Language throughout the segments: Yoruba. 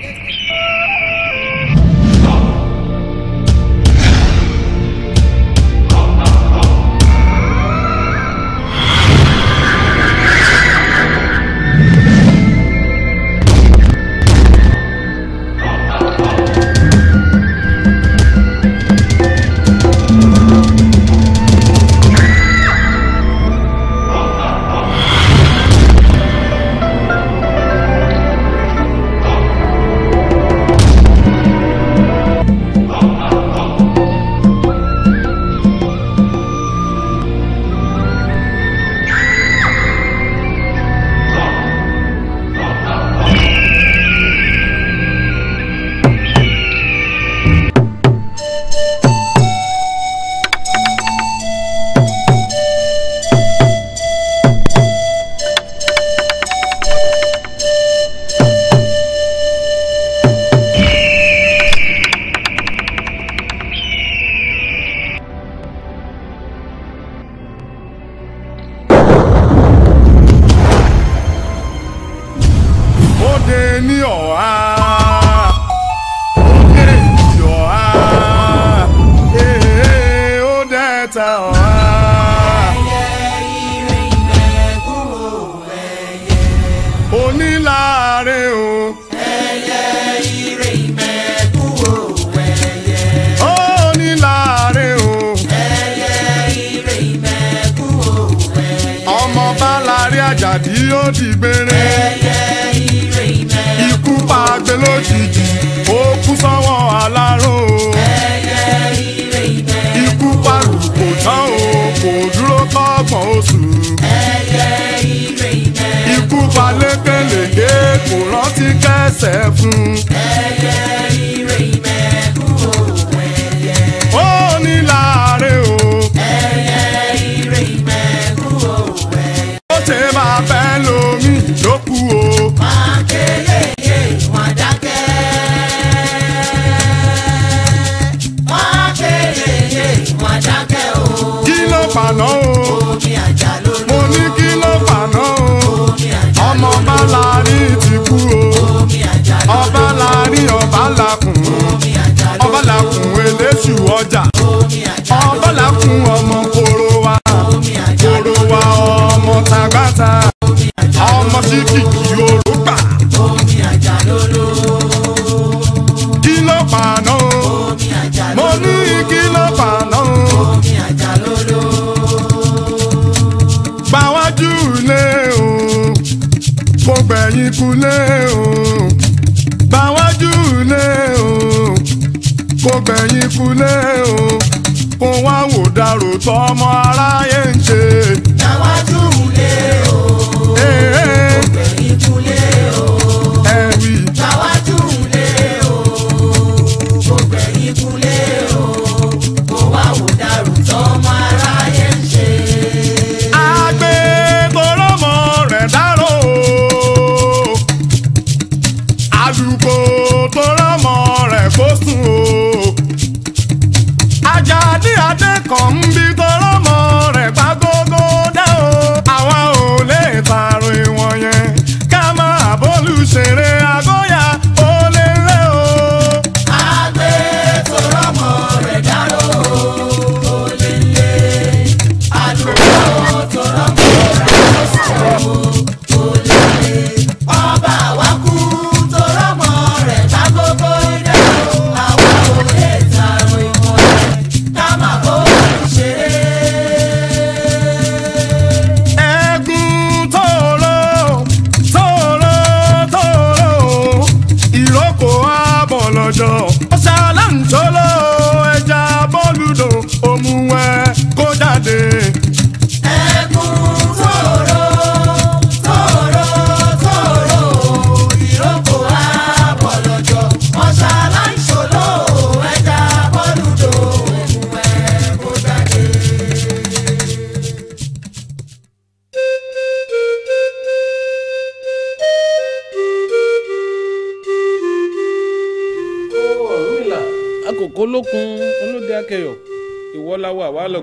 hey, hey.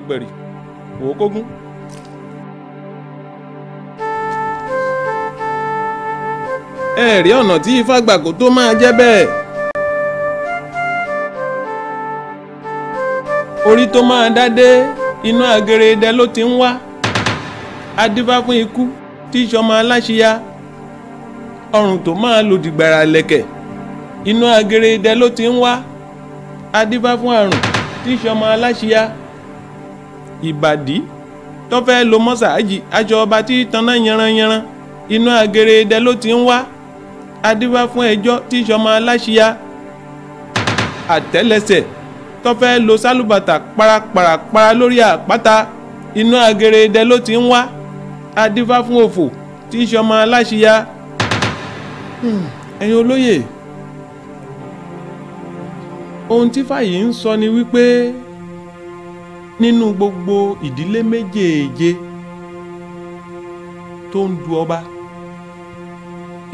àgbèrè wò ó kógún. ẹ rí ọ̀nà tí ifá gbà kó tó máa jẹ́ bẹ́ẹ̀. orí tó máa dá dé inú àgèrèdè ló ti ń wá adífá fún ikú tí ìṣọmọ aláṣíya ọrùn tó máa lòdì gbàrà lẹ̀kẹ̀ inú àgèrèdè ló ti ń wá adífá fún àrùn tí ìṣọmọ aláṣíya ìbàdí tó fẹ́ lo mọ́sáàjì aṣọ ọba tí tanná yanranyanran inú agerede ló ti ń wá adífá fún ẹjọ́ tí sọmọ aláṣíá àtẹ́lẹsẹ̀ tó fẹ́ lo sálùbàtà parapàrapàra lórí àpáta inú agerede ló ti ń wá adífá fún òfò tí sọmọ aláṣíá hmm, ẹ̀yin olóyè ohun tí fàyè ń sọ ni wípé nínú gbogbo ìdílé méjèèje tó ń du ọba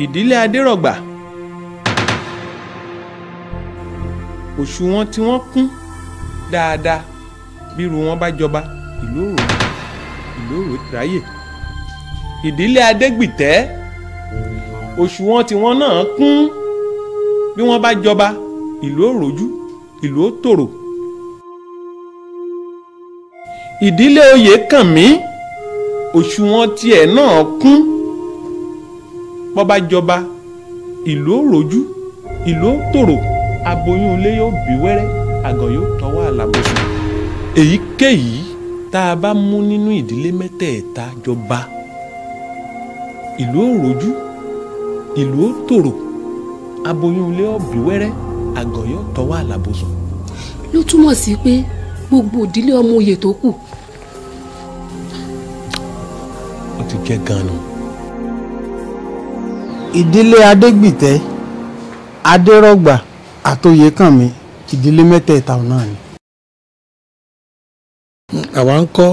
ìdílé adérọ̀gbà òṣùwọ̀n tí wọ́n kún dáadáa bírú wọn bá jọba ìlú òrò ìlú òrò ráyè ìdílé adégbìtẹ́ òṣùwọ̀n tí wọ́n náà kún bí wọ́n bá jọba ìlú òròjú ìlú òtòrò ìdílé oyèkànmí òṣùwọ̀n tiẹ̀ náà kún bọ́bá jọba ìlú òròjú ìlú òtòrò aboyún ilé yóò bí wẹ́rẹ́ àgàn yóò tọwọ́ àlàbòsùn èyíkéyìí tá a bá mú nínú ìdílé mẹ́tẹ̀ẹ̀ta jọba ìlú òròjú ìlú òtòrò aboyún ilé yóò bí wẹ́rẹ́ àgàn yóò tọwọ́ àlàbòsùn. ló túmọ̀ sí pé gbogbo ìdílé ọmọ oyè tó kù ti jẹ́ gan-an. ìdílé adégbìtẹ́ adérọ̀gbà àtòyékànmí ìdílé mẹ́tẹ̀ẹ̀ta náà ni. àwa ń kọ́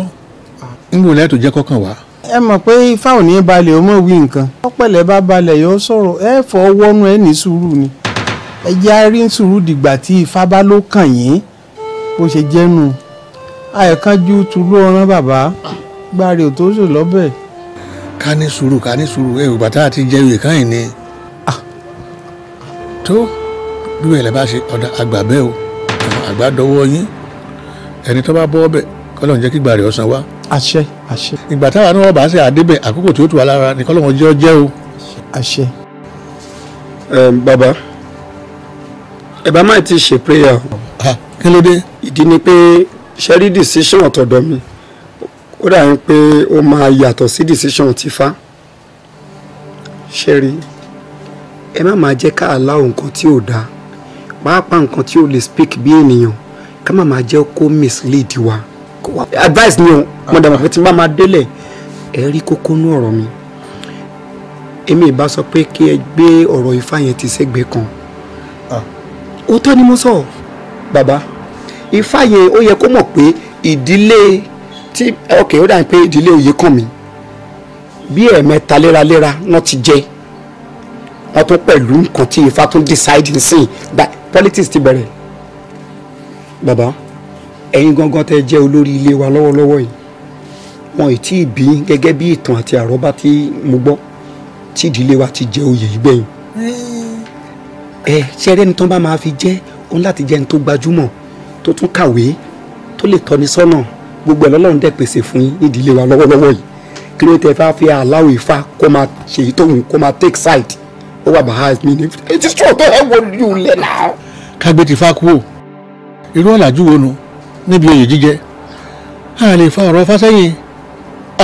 níbo lẹ́yìn tó jẹ́ kọ́kàn wá. ẹ mọ̀ pé ifá ò ní balẹ̀ ó mọ̀ wí nǹkan ọ̀pẹ̀lẹ̀ bá balẹ̀ yọ sọ̀rọ̀ ẹ fọ́ wọ́nú ẹ ní sùúrù ni ẹ jẹ́ àárí sùúrù dìgbà tí ifá bá ló kàn yín bó ṣe jẹ́nu àìkánjú tùlú ọ̀ràn bàbá gbárí ò tó sùn lọ́bẹ̀. ká ní sùúrù ká ní sùúrù ẹ ògbà tá a ti jẹ ìwé kan yìí ni ah. tó bí wẹ̀lẹ̀ bá ṣe ọ̀dà àgbà bẹ́ẹ̀ o àgbà dọwọ́ yín ẹni tó bá bọ́ ọbẹ̀ kọ́lọ́n jẹ́ kí gbà rẹ̀ ọ̀sán wá. àṣẹ àṣẹ. ìgbà táwa ní wọ́n bá ṣe àdébẹ̀ àkókò tí ó tù wá lára ni kọ́lọ́n jẹ́ ọ o. àṣẹ. bàbá ẹ bá má ti ṣe prayer. Ah, kí ló dé. ìdí ni pé ṣẹ́rí decision ọ̀tọ̀dọ̀ ó dàbí pé ó máa yàtọ̀ sí decision tífá ṣe rí ẹ má máa jẹ́ ká aláwọ̀ nǹkan tí ò dáa pàápàá nǹkan tí ò lè speak bí ènìyàn ká má máa jẹ́ kó mislead wa advice ni o mo dàgbà pé tí n bá máa délẹ̀ ẹ rí kókó nú ọ̀rọ̀ mi èmi ìbá sọ pé kí ẹ gbé ọ̀rọ̀ ifá yẹn ti sẹ́gbẹ̀ẹ́ kan ah. òótọ́ ni mo sọ bàbá ifá yẹn ó yẹ kó mọ̀ pé ìdílé tí ok ó dàbí pé ìdílé òye kàn mí bí ẹ̀ẹ̀mẹta léraléra wọ́n ti jẹ wọ́n tún pẹ̀lú nǹkan tí ifá tún decide nsìn politics ti bẹ̀rẹ̀ bàbá ẹ̀yin gangan tẹ́ jẹ́ olórí ilé wa lọ́wọ́lọ́wọ́ yìí wọn ì tí ì bí gẹ́gẹ́ bí ìtàn àti àrọ́bá tí mo gbọ́ tí ìdílé wa ti jẹ oyè yìí gbẹ̀yìn ẹ ṣẹ́rẹ́ ni tán bá máa fi jẹ́ òun láti jẹ́ ẹni tó gbajúmọ̀ tó tún kàwé tó lè tọ́ni sọ́nà. So gbogbo ẹ̀ lọ́lọ́run dẹ̀ pèsè fún yín nídìílé wa lọ́wọ́lọ́wọ́ yìí kí ló tẹ fẹ́ fi aláwọ̀ ifá kó máa ṣe èyí tóun kó máa take side ó wà bàá mi ní etí sọ̀tọ̀ ẹ̀ wọ ní ulẹ̀ náà. kágbé ti fa kúrò irú ọ̀làjú wo nu níbi oyè jíjẹ a lè fa ọ̀rọ̀ fásẹ́yìn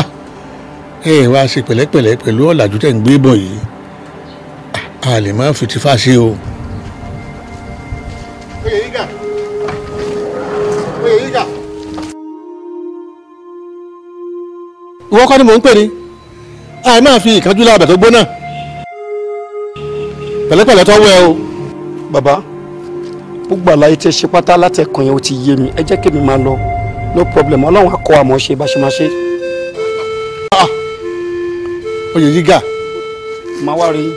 ah! ẹ wá ṣe pẹ̀lẹ́pẹ̀lẹ́ pẹ̀lú ọ̀làjú tẹ̀ ń gbé bọ̀ yìí ah! a lè má fi ti ṣe o. oyè yíga ìwọ kọ́ ni mò ń pè ní àì máa fi ìkánjú láàbẹ̀ tó gbóná pẹ̀lẹ́pẹ̀lẹ́ tó wẹ̀ o. bàbá gbogbo àlàyé tẹ ṣe pátá látẹkùn yẹn ó ti yé mi ẹ jẹ́ kí mi máa lọ no problem ọlọ́run á kọ́ àmọ́ ṣe bá ṣe máa ṣe. Ah! oyè yìí ga. wá rí i.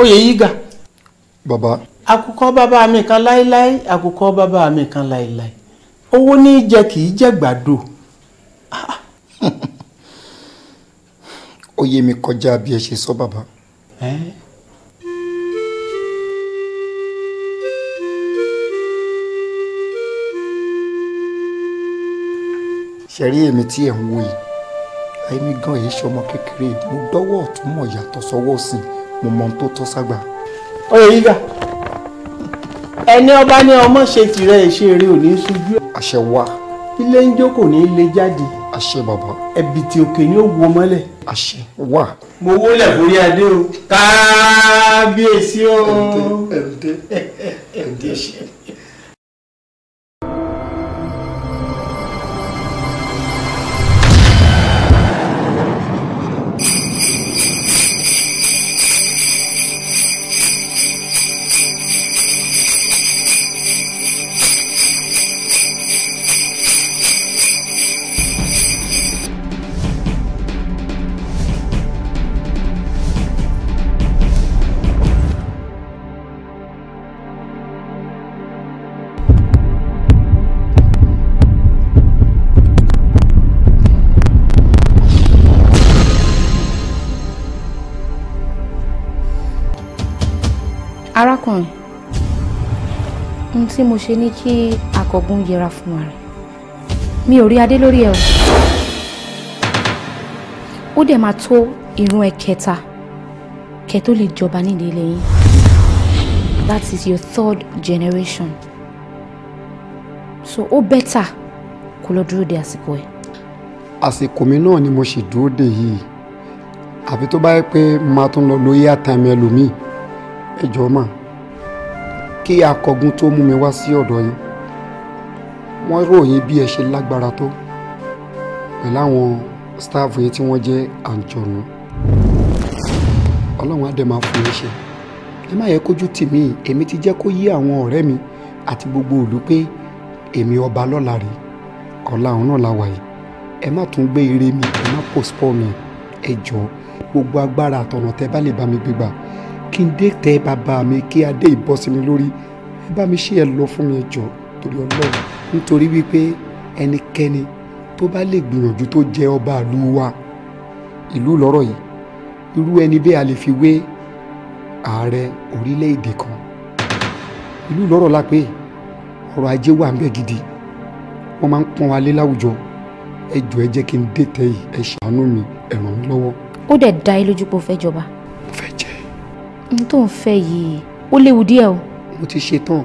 oyè yìí ga Baba, àkùkọ bàbá mi kan láéláé àkùkọ bàbá mi kan láéláé owó ní jẹ kì í jẹ gbàdo. ó yé mi kọjá bí ẹ ṣe sọ bàbá. ṣẹ̀rí èmi tí ẹ̀ ń wo yìí èmi gan èyí ṣọmọ kékeré mo gbọ́wọ́ ọ̀tún mọ̀ yàtọ̀ sọ́wọ́ sí mo mọ ohun tó tọ́ ságbà oyè yíga ẹni ọba ní ọmọ ṣe tirẹ̀ ìṣe eré ò ní ṣojú ẹ̀. àṣẹ wa. ilé ń jó kò ní í lè jáde. àṣẹ bàbá. ẹ̀bì tí òkè ni ó wo mọ́lẹ̀. àṣẹ wa. mo wólẹ̀ borí adé o káábíyèsí o. ẹ̀ǹdẹ́ ẹ̀ǹdẹ́ ẹ̀ǹdẹ́ ṣe. tí mo ṣe ní kí akọ̀gun yẹra fún ara mi ò rí adé lórí ẹ o ó dẹ̀ máa tó irun ẹ̀kẹta kẹ́ tó lè jọba nídìí ilé that is your third generation so ó bẹ́tà kó lọ dúró de àsìkò ẹ̀. àsìkò mi náà ni mo sì dúró de yìí àfi tó bá yẹ pé máa tún lọ lóyè àtàmì ẹlòmíì ẹ jọ̀ọ́ máa kí akọgun tó mú mi wá sí ọ̀dọ̀ yín wọ́n ròyìn bí ẹ ṣe lágbára tó pẹ̀lú àwọn staff yín tí wọ́n jẹ́ àǹjọ̀nù ọlọ́run á dẹ̀ máa fún yín ṣe ẹ má yẹ kójú tì mí èmi ti jẹ́ kó yí àwọn ọ̀rẹ́ mi àti gbogbo ìlú pé èmi ọba lọ́la rèé ọ̀la ọ̀hún náà la wà yìí ẹ má tún gbé ire mi ẹ má postpone mi ẹ jọ̀ọ́ gbogbo agbára àtọ̀nà tẹ bá lè bá mi gbégbà kí n dé tẹ bàbá mi kí adé ìbọ́sí mi lórí ẹ bá mi ṣe ẹ lọ fún mi ẹjọ torí Ọlọ́run nítorí wípé ẹnikẹ́ni tó bá lè gbìyànjú tó jẹ ọba ìlú wa ìlú lọ́rọ̀ yìí irú ẹni bẹ́ẹ̀ a lè fi wé ààrẹ orílẹ̀-èdè kan ìlú lọ́rọ̀ la pé ọrọ̀ ajé wà ń bẹ gidi wọ́n máa ń pọ́n wa lé láwùjọ ẹ jọ ẹ jẹ́ kí n dé tẹ yìí ẹ ṣàánú mi ẹ ràn mí lọ́wọ́. ó dẹ̀ dá ẹ lójú pé o fẹ́ jọba. mo fẹ́ jẹ n tó ń fẹ́ yìí ó léwu díẹ̀ o. mo ti ṣetán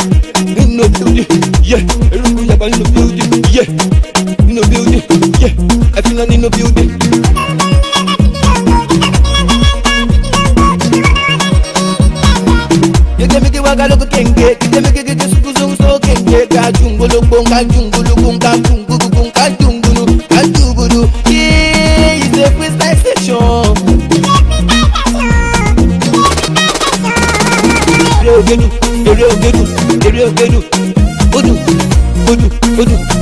in no beauty, yeah. Everybody up in no beauty, yeah. In the building, yeah. I feel I need no beauty. You give me the waka Gẹ́gẹ́mígẹ́ kenge, ká lóko kéńgé, gẹ́gẹ́mígẹ́ gẹ́gẹ́ sukùsùn sókè, kenge. ká jùngológbó, ká jùngológbó, ká jùngológbó. We. you.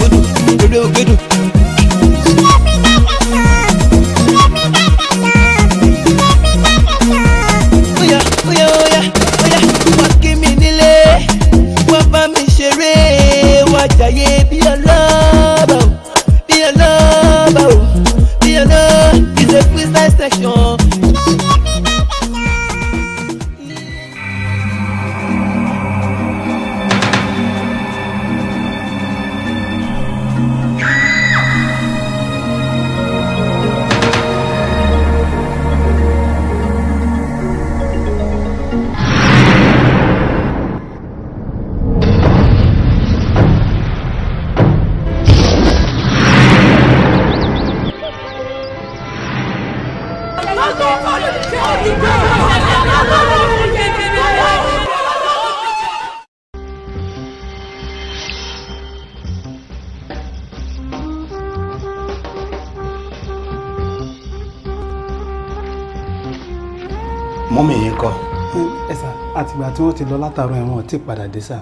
lọ látàárọ̀ ẹ̀wọ̀n ò tí ì padà dé sà.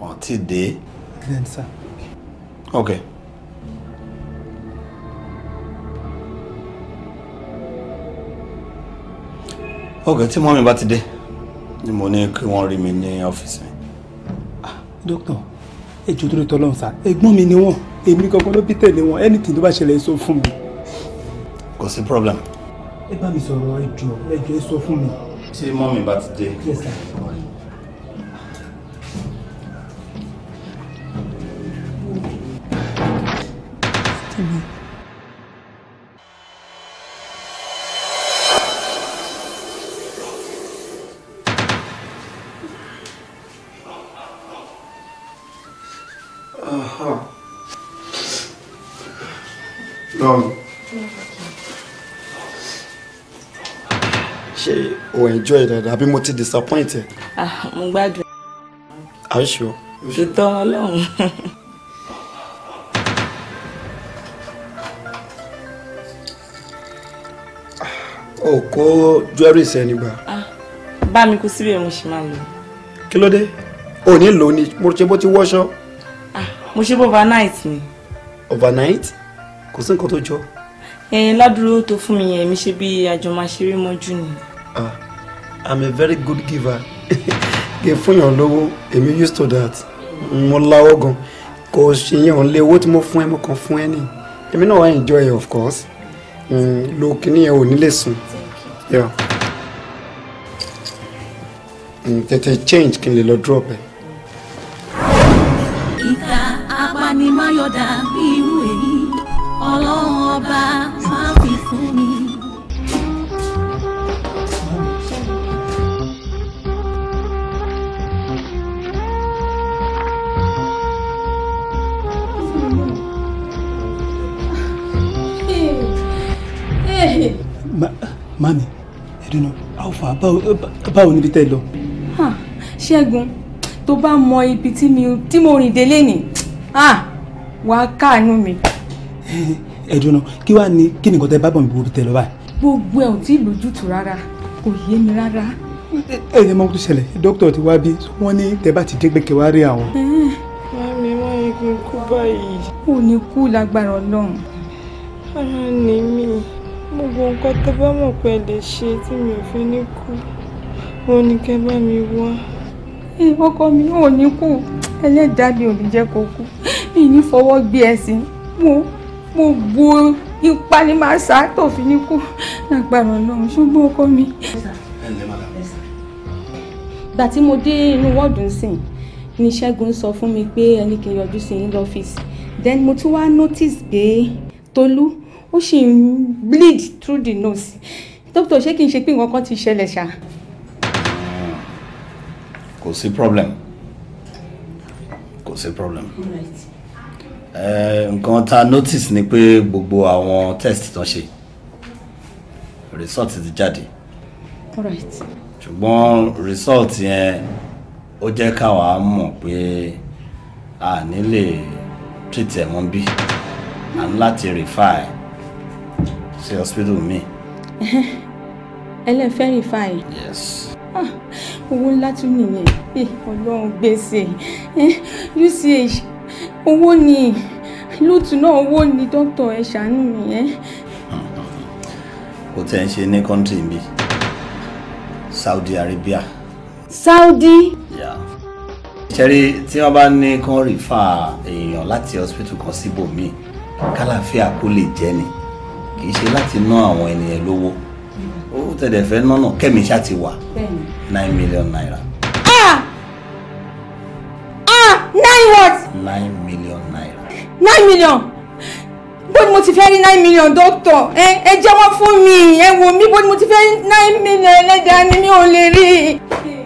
ò tí ì dé. then sà. okay. okay tí mọ́mí bá ti dé ni mo ní kí wọ́n rí mi ní ọ́fíìsì mi. dókítà èjò tó lè tọ́ lọ́hùn sá ẹ̀gbọ́n mi ni wọ́n èmi kankan ló bí tẹ̀lé wọn anything tó bá ṣẹlẹ̀ sọ fún mi. kò sí problem. ẹ bá mi sọ̀rọ̀ ẹjọ́ ẹjọ́ ẹ sọ fún mi. tí mọ́mí bá ti dé. yes sir. enjoy dáadáa àbí mo ti disappoint ẹ. Ah, mo gbádùn. are you sure. ìtọ́ ọlọ́run. o kó jewelry sẹ́ni gbà. Ah, bá mi kú síbẹ̀ mo ṣì máa lò. kí ló dé o ní lò ní mo ṣe bó ti wọ́ṣọ. Ah, mo ṣe bó overnight ni. overnight kò sí nǹkan tó jọ. ẹyin ládùúró tó fún mi yẹn mi ṣe bí àjọmọ̀ṣeré mọ́jú ni i'm a very good giver kì í fún yàn lówó èmi used to that mo láwọ́ gan kò ṣe yàn ń lé owó tí mo fún ẹ mo kàn fún ẹ ní èmi náà wá enjoy of course mm, lo kíní yẹn ò ní lè sùn mm, tètè change kí n lè lọ drop ẹ. ìka apanimayọ̀dà bí irú èyí ọlọ́run ọba báwo níbi tẹ́ lọ. ṣẹ́gun tó bá mọ ibi tí mo rìn délé ni wà á káàánú mi. ẹ̀dùn náà kí wàá ní kí nìkan tẹ bá bọ̀ mí gbogbo tẹ lọ báyìí. gbogbo ẹ̀ ò tí ì lójútùú rárá kò yé mi rárá. ẹ ẹ ẹ mọ ohun tó ṣẹlẹ̀ dókítà ti wá bí wọ́n ní tẹ bá ti dé gbẹ̀kẹ̀ wá rí àwọn. mami wọn yìí kú báyìí. ò kú lágbára Ọlọ́run. ara ni mi gbogbo nǹkan tẹ́ bá mọ̀ pé ẹ lè ṣe tí mi ò fi ní kú wọn ni kẹ́ bá mi wá. ọkọ mi ò ní kú ẹlẹ́dàá mi ò ní jẹ́ kó kú mi ní fọwọ́ gbé ẹ̀sìn mo mo bu ipa ní màá sá tó fi ní kú lágbára ọlọ́run ṣùgbọ́n ọkọ mi. gbà tí mo dé inú wọ́ọ̀dù nsìn ni ṣẹ́gun sọ fún mi pé ẹni kì í yọjú sí ní lọ́fíìsì then mo tún wá notice pé Tolú ó sì ń bleed through the nose doctor ṣé kí n ṣe pé nǹkan kan ti ṣẹlẹ̀ ṣá. kò sí problem kò sí problem nǹkan tá a notice ni pé gbogbo àwọn test tán ṣe result ti jáde ṣùgbọ́n result yẹn ó jẹ́ káwa mọ̀ pé a ní lè treat ẹ̀ mọ́ bí a ní láti refer See hospital with me. mi. ẹlẹ́fẹ́ rìfáì. yes. Ah, owó ńlá tún nìyẹn eh, ọlọ́run gbèsè uch eh, owó ni lóòtù náà owó ni dókítà ẹ ṣàánú mi ẹ. Eh. kò tẹ́ ń ṣe ní kọ́ńtì mi Saudi Arabia. Saudi. Yeah ṣẹ́rí tí wọ́n bá ní kán rìfà èèyàn láti hospital kan síbòmíì kálàáfíà kó lè jẹ́ ni kì í ṣe láti ná àwọn ènìyàn lówó owó tẹ̀lẹ̀ fẹ́ ná náà kẹ́mi ṣá ti wà nine million naira. ah ah nine what. nine million naira. nine million bó ni mo ti fẹ́ rí nine million doctor. ẹ ẹ jẹ́wọ́ fún mi ẹ wò mí bó mo ti fẹ́ rí nine million ẹlẹ́dàá ni mi ò lè rí i.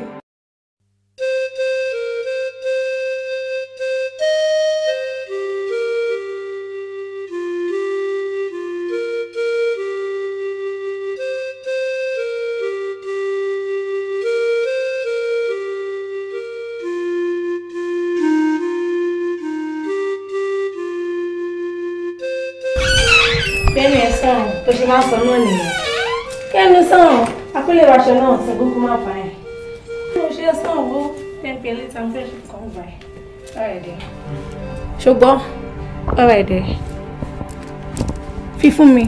aṣọ náà sí kókó má bá yẹn. bí mo ṣe sàn owó ten pm later mo fẹ́ ṣe kàn bá yẹn. ọ̀rẹ́ dẹ̀. ṣùgbọ́n ọ̀rẹ́ dẹ̀ fi fún mi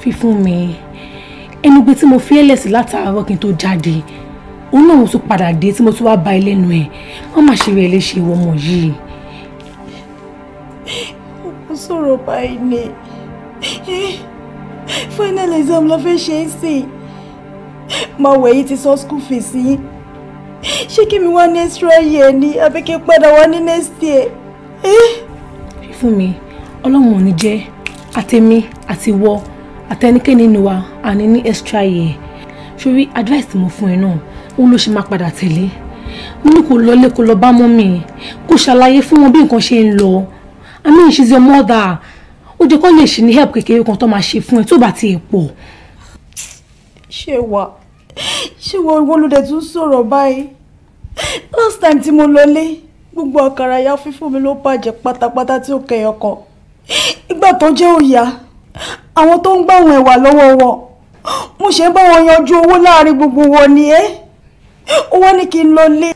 fi fún mi ẹnu gbé tí mo fi ẹ̀lẹ̀ sí látàárọ̀ kí n tó jáde òun náà mo tún padà dé tí mo tún wá ba ẹlẹ́nu ẹ̀ wọ́n má ṣe rẹ̀ léṣe ìwọ yìí. mo sọ̀rọ̀ báyìí ni final exam ló fẹ́ ṣe é sí máa wẹ̀ yìí ti sọ school fees yín ṣé kí mi wá ní year ni àbí kí n padà wá ní next year. Eh? fún mi ọlọ́run ò ní jẹ́ àtẹ̀mí àti wọ ni wa àní ní extra year ṣorí advice tí mo fún ẹ náà òun ló ṣe máa padà tẹ̀lé mo ní kó lọlé kó lọ bá mọ́ mi kó ṣàlàyé fún wọn bí nǹkan ṣe ń i mean she's your mother ó jẹ́ kó lè ṣe ní help kékeré kan tó máa ṣe fún ẹ tó bá ti pọ̀. ṣé wà ṣé wọ ìwọ ló dẹ̀ tún sọ̀rọ̀ báyìí last time tí mo lọlé gbogbo àkàrà ya fífún mi ló bàjẹ́ pátápátá tí ó kẹyọ kan ìgbà tó jẹ́ òòyà àwọn tó ń gbàwọn ẹ̀wà lọ́wọ́ wọn mo ṣe ń bá wọn yanjú owó láàrin gbogbo wọn ni ẹ́ ó wá ní kí n lọ lé.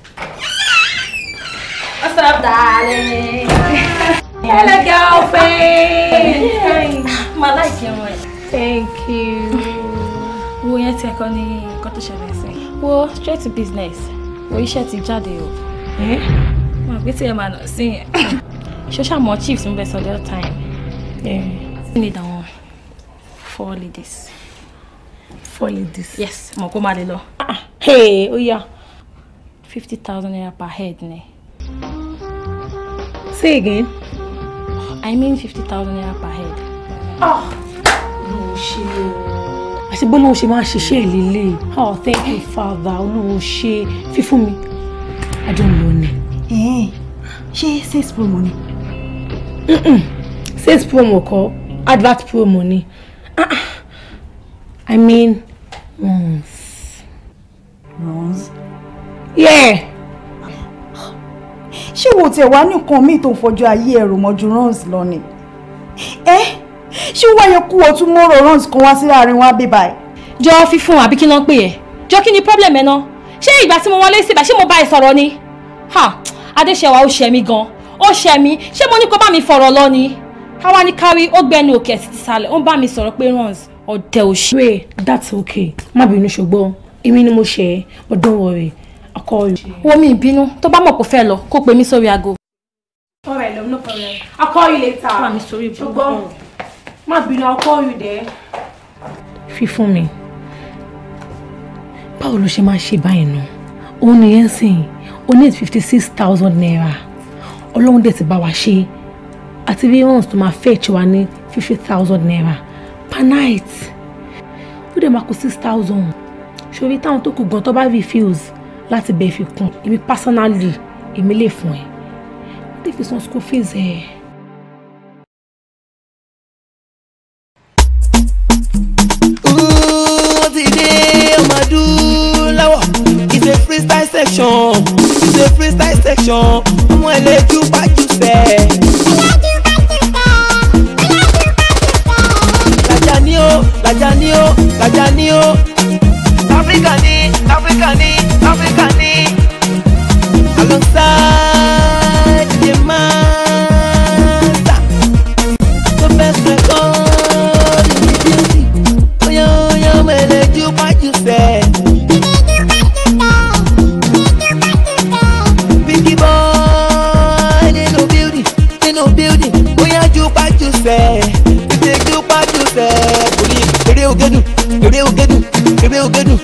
what's up darling. Hello, girlfriend. Yeah. My life, you know. Thank you. Who you ti ẹ̀kọ́ ní nǹkan tó ṣẹlẹ̀ sí. straight to business. Wo you ti jáde o. Màá gbé tí ẹ máa nà sí yẹn. Social more chiefs ń bẹ sọ time. Yeah. Need ìdáwọn four ladies? Four ladies? Yes, mọ̀ kó máa lè ah, ah. Hey, oh yeah. fifty thousand naira per head ni. Say again. I mean fifty thousand naira per head. Oh, ṣe o. Àti bọ́lá o ṣe máa ṣiṣẹ́ ìlélẹ̀. Oh thank you father olúwo ṣe fífún mi. Adùn ló ní. Ṣé sales promo Says Sales promo kọ́ advert promo ni. Ah, ah. I mean rose. Rose. Yeah ṣé wo tiẹ̀ wá ní nǹkan míì tó ń fọjọ́ ayé ẹ̀rù mọ́jú runs lọ ni ẹ ṣé wọ́n yẹ kú ọtún mọ́rọ̀ runs kan wá sí láàrin wọn àbí báyìí. jọ fífún àbí kí ló ń pè ẹ jọ kí ni problem ẹ náà ṣé ìgbà tí mo wọlé síbà ṣé mo bá ẹ sọ̀rọ̀ ni ha adéṣẹwà ó ṣẹ mi gan ó ṣẹ mi ṣé mo ní kó bá mi fọ̀rọ̀ lọ ni káwá ní kárí ó gbẹnu òkè àti tìsàlẹ̀ ó ń bá mi sọ̀rọ̀ pé runs ọ̀dẹ̀ òṣèré that's okay má bínú ṣùgbọ́n èmi ni mo ṣe but don't worry ọkọ yìí. wo mi ìbínú tó bá mọ̀ kó fẹ́ lọ kó pe mí sórí aago. ọ̀rẹ́ lọ no problem I'll call you later. wà mí sórí ibùdó ṣùgbọ́n má bínú I'll call you there. fífún mi báwo ló ṣe máa ṣe báyìí nù òun nìyẹn sìn ó ní fifty six thousand naira ọlọ́run dẹ̀ ti bá wa ṣe àti bí wọ́n tó máa fetch wa ní fifty thousand naira per night ó dẹ̀ máa kó six thousand ṣòwò táwọn tó kù gan tó bá refuse láti bẹ́ẹ̀ fi kún èmi personally èmi lè fún ẹ wọ́n ti fi san school fees ẹ̀. It's freestyle section. It's freestyle section. Ọmọ ẹlẹ́jú pa ewé ògédù ewé ògédù ewé ògédù.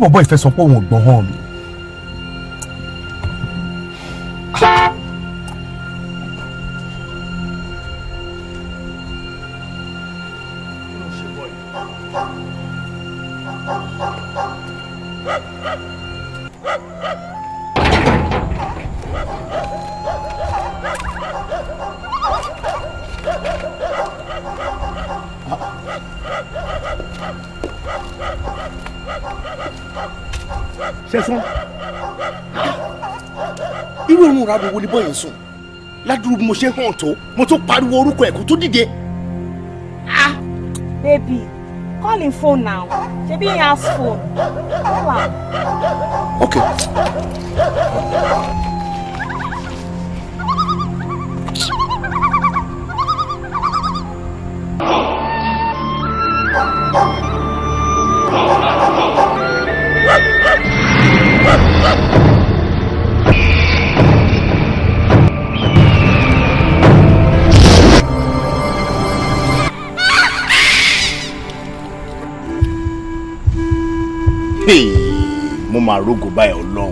bọ̀bọ̀ ìfẹ́ sọ pé òun ò gbọ́n hàn mi. ariwo ní bọ́yìn sùn ládùúgbò bí mo ṣe hàn tó mo tún pariwo orúkọ ẹ̀ tó dìde. ah baby call him phone now ṣebí he has phone call am. okay. máa rógò báyìí ọlọ́run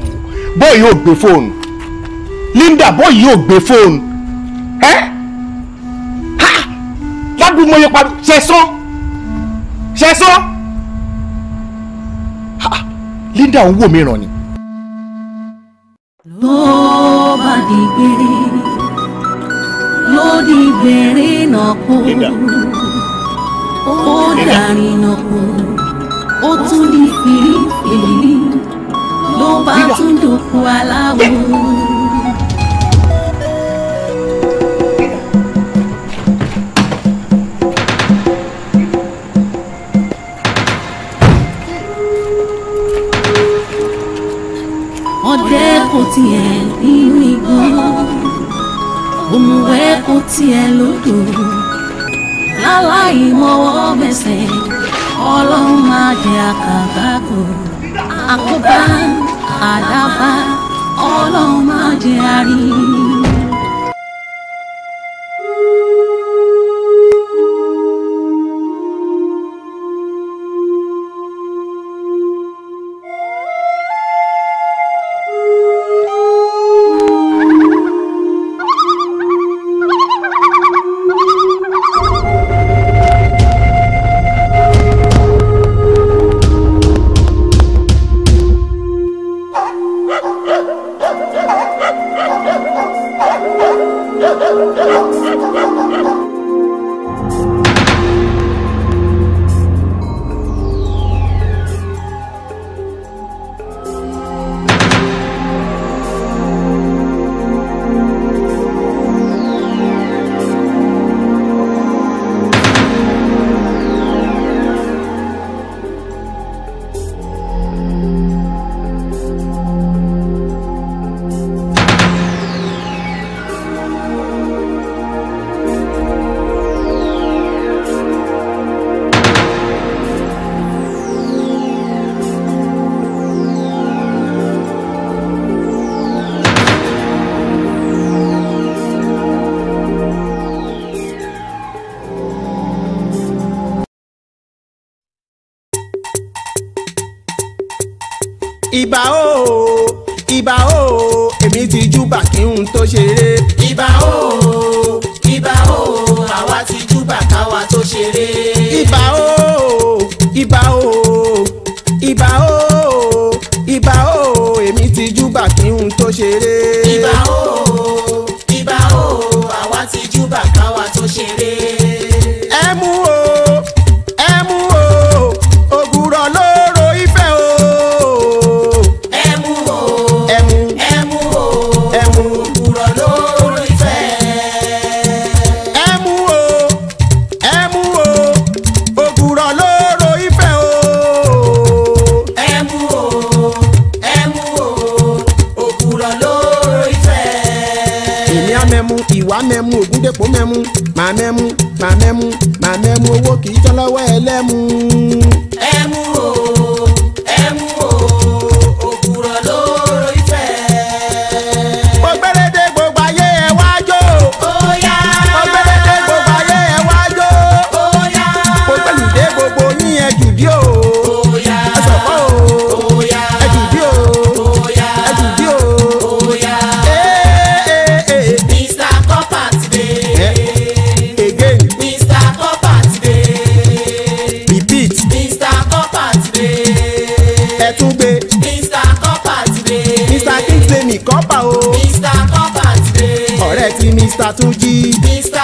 bọ́ọ̀ yóò gbé fóònù Linda bọ́ọ̀ yóò gbé fóònù ẹ́ ha ládùúgbò yẹn padà ṣẹ̀sán ṣẹ̀sán ha Linda ń wò mí ràn ni. ló bá di ló di náà kú ó dàrin náà kú ó tún di fìrí fìrí tó bá tún dùnkù aláwo. ọdẹ kò tiẹ̀ nínú igbó òmùwẹ̀ kò tiẹ̀ lódò láláì mọ́wọ́ mẹsẹ̀ ọlọ́run máa jẹ àkàbà àkóbá àdáfà ọlọ́run má jẹ́ àárín. Start to Mr.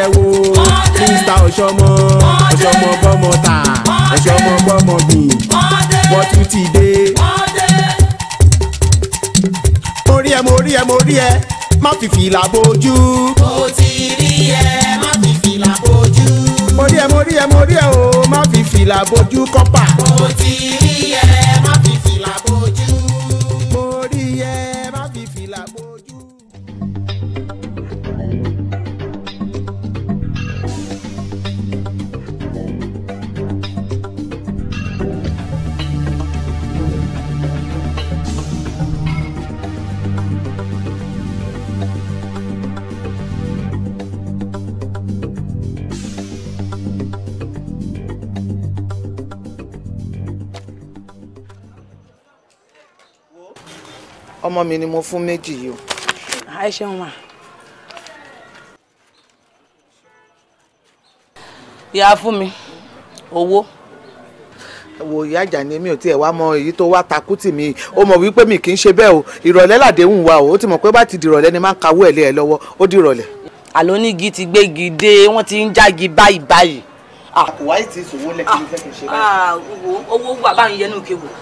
aṣẹ́wó mr ọ̀ṣọ́mọ ọ̀ṣọ́mọ bọ́mọ tà ọ̀ṣọ́mọ bọ́mọ gbìn wọ́n tún ti dé. mo rí ẹ mo rí ẹ mo rí ẹ má fìfì làbójú. ọmọ mi ni mo fún méjì yìí o. ẹ ṣeun ma. ìyá fún mi owó wo ìyá Àjàní mi ò tiẹ̀ wá mọ èyí tó wá takú tì mí o mọ̀ wípé mi kì í ṣe bẹ́ẹ̀ o ìrọ̀lẹ́ làdéhùn wa o ó ti mọ̀ pé bá ti dìrọ̀lẹ́ ni máa ń kawó ẹ̀ lé ẹ lọ́wọ́ ó dìrọ̀lẹ́. àló nígi ti gbégi dé wọ́n ti ń jági báyìí báyìí. àkùwá yìí ti sòwò lẹ́kìn fẹ́ kì í ṣe báyìí. Ah, owó owó wà báyìí yẹnu kéwòn.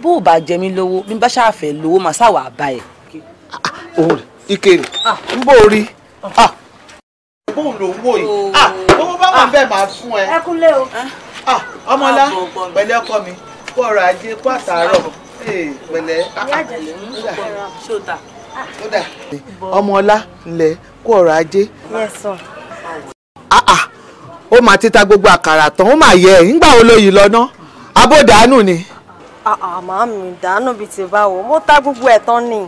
bó o bá jẹ mí lówó bí n bá ṣàfẹ́ lówó ṣàwà àbá ẹ̀. ike rè ah. ń ah, bò rí ah. bóun ló ń wò yìí owó oh. bá wà bẹ́ẹ̀ máa ọkọ mi kó ajé kó àtàárọ̀ pẹ̀lẹ́. ọmọlá gbogbo àkàrà tán ó máa yẹ wo ló yìí lọ ná Ah, ah, àmọ́ mi dáná bíi ti báwo mo ta gbogbo ẹ̀ tán ni.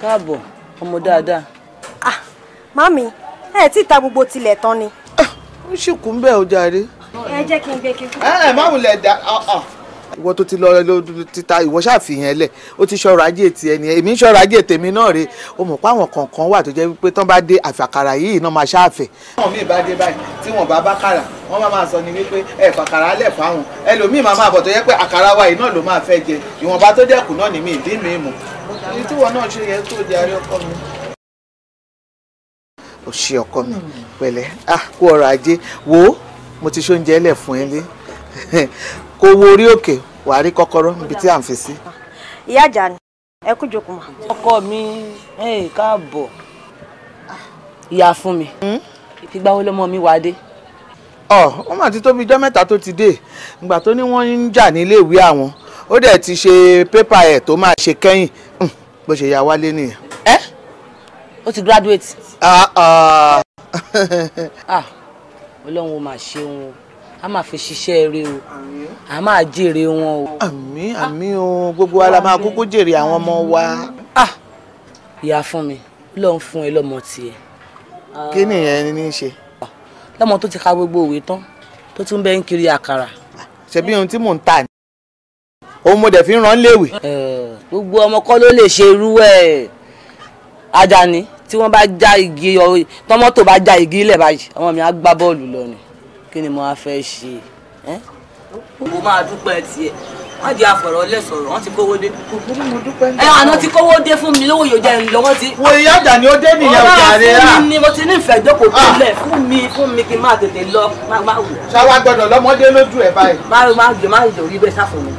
káàbọ̀ ọmọ dáadáa. ah mami ẹ ti ta gbogbo tilẹ̀ tán ni. Ah, ó ṣì ń bẹ́ẹ̀ o jàre. ẹ jẹ́ kí n gbé kí n. ẹ ẹ má wulẹ̀ dá ìwọ tó ti lọ títa ìwọ ṣàfihàn ẹlẹ o ti ṣọrọ ajé ti ẹni èmi ń ṣọrọ ajé tèmi náà rè ó mọ̀ pé àwọn kọ̀ọ̀kan wà tó jẹ́ wípé tán bá dé àfàkàrà yìí náà máa ṣáàfẹ̀. àwọn míì bá dé báyìí tí wọn bá bá kàrà wọn máa máa sọ ni wípé ẹ fàkàrà lẹ fáwọn ẹlòmíì máa máa bọ̀ tó yẹ pé àkàrà wa yìí náà ló máa fẹ́ jẹ ìwọ̀nba tó dẹ́kun náà ni mi ìdí mi mọ̀ o tí wọn ṣe ọkọ mi ò ah kú ọ̀rọ̀ ajé wo mo ti ṣóúnjẹ ẹlẹ fún ẹ lé kó wo orí òkè wà á rí kọ́kọ́rọ́ níbi tí à ń fi sí. ìyá àjàní ẹ kú jókòó mà. ọkọ mi káàbọ̀ ìyá fún mi hmm? ìgbà wo lọmọ mi wá dé. ọ wọn mà ti tó bíi ijọ́ mẹ́ta tó ti dé ìgbà tó ní wọ́n ń jà nílé ìwé àwọn ó dẹ̀ ti ṣe pépà ẹ̀ tó máa ṣe kẹ́yìn hmm, bó ṣe ya wálé nìyẹn. ẹ ó ti graduate. Ah, ah. Ah, ọlọ́run ó máa ṣe òun o a máa fi ṣiṣẹ́ eré o a máa jèrè wọn o. àmín àmín o gbogbo wa la máa kúkú jèrè àwọn ọmọ wa. Ah! ìyá fún mi ló ń fún ẹ lọ́mọ tiẹ̀. kí nìyẹn ní í ṣe. lọ́mọ tó ti ka gbogbo òwe tán tó tún bẹ́ ń kiri àkàrà. ṣebí ohun tí mò ń tà ní. ohun mo dẹ̀ fi ń rán léèwé. gbogbo ọmọ kọ́ ló lè ṣe irú ẹ̀ Àjàní tí wọ́n bá já igi tọ́mọ́tò bá já igi ilẹ̀ báyìí ọmọ mi á gbá bọ́ọ̀lù lọ ni kí ni mo á fẹ́ ṣe. mo máa dúpẹ́ tiẹ̀ wọ́n di àfọ̀rọ̀ lẹ́sọ̀rọ̀ wọ́n ti kówó dé. ẹ àná ti kówó dé fún mi lówó yóò jẹ́ ń lọ wọ́n ti. wo ìyá ọjà ni ó dé nìyẹn ọjà rẹ rà. ọlọ́run fún mi ni mo ti ní ìfẹ́ jókòó sílẹ̀ ah. fún mi fún mi kí n máa tètè lọ máa wò. ṣáwa gbọ́dọ̀ lọmọdé lójú ẹ báyìí. má má jò má jò rí bẹ́ẹ̀ sáfún mi.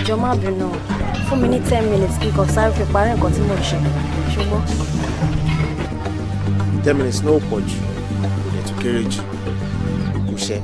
ìjọ má bínú fún mi ní ten minutes kí n kàn sáré fi parí nǹkan tí mo ṣe ṣùgbọ́n. ten minutes náà pọ̀ jù kò dẹ̀ tún kéré jù kò ṣe.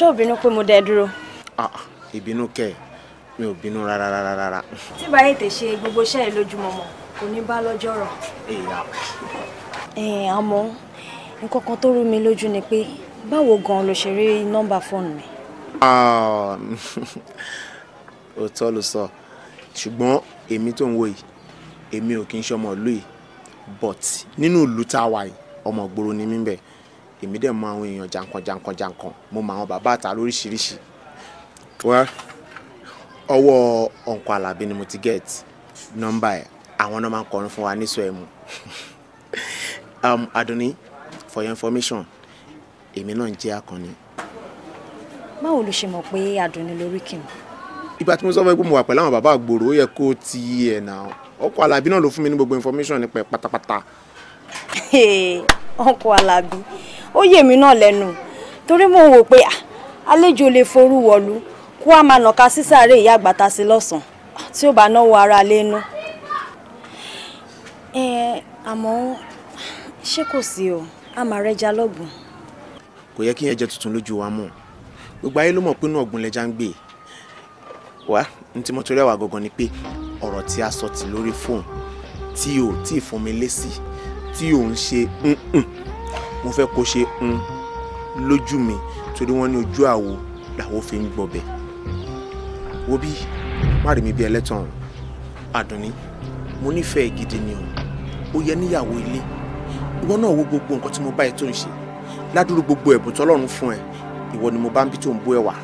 ṣé ò bínú pé mo dẹ dúró. Ah, ìbínú kẹ mi ò bínú rárá rárá rárá. tí bá yètè ṣe gbogbo iṣẹ́ yìí lójúmọmọ kò ní bá lọ́jọ́ rọ̀. àmọ́ nǹkan tó rú mi lójú ni pé báwo gan-an ló ṣe rí nọ́mbà fóònù mi. Ah, òótọ́ ló sọ ṣùgbọ́n èmi tó ń wo yìí èmi ò kí ń ṣọmọ ìlú yìí but nínú ìlú tá a wà yìí ọmọ ìgboro ni mí bẹ́ẹ̀ èmi dẹ̀ mọ àwọn èèyàn jankan jankan jankan mo mọ àwọn bàbá àta lóríṣiríṣi well ọwọ́ ọ̀nkọ́ alábí ni mo ti get nọ́mbà ẹ̀ àwọn náà máa ń kọrin fún wa ní ẹ̀ mu um, Adunni for your information èmi náà ń jẹ́ akọni. báwo ló ṣe mọ̀ pé Adunni lórí kìnnì. ìgbà tí mo sọ fún ẹ pé mo wà pẹ̀lú àwọn bàbá àgbòrò ó yẹ kó ti ẹ̀ nà ọkọ̀ alábí náà ló fún mi ní gbogbo information nípa ẹ̀ pátápátá. ọkọ̀ alábí ó yè mí náà lẹ́nu torí mò ń wò pé àlejò lè forú wọ̀lú kó a máa nàka sísàárè ìyá àgbàta sí lọ́sàn-án tí ó bá náwó ara lẹ́nu. ẹ àmọ́ ṣé kò sí o a máa rẹ́ja lọ́gbọ̀n. kò yẹ kí ẹjẹ tuntun lójú wa mọ gbogbo ayé ló mọ̀ pé inú ọ̀gbun lẹja ń gbé wá ní tí mo torí àwa gangan ni pé ọ̀rọ̀ tí a sọ ti lórí fóònù tí o tí ì fún mi lésì tí o ń ṣe mo fẹ́ kó ṣe ń mm, lójú mi torí wọ́n ní ojú àwo làwo fi ń gbọ̀bẹ̀ wo bí má rí mi bí ẹlẹ́tàn àdùnní mo nífẹ̀ẹ́ gidi ni o ó yẹ níyàwó ilé ìwọ náà wo gbogbo nǹkan tí mo bá ẹ tó ń ṣe ládùúrú gbogbo ẹ̀bùn tọ́lọ́run fún ẹ ìwọ ni mo bá ń bí tó ń bó ẹwà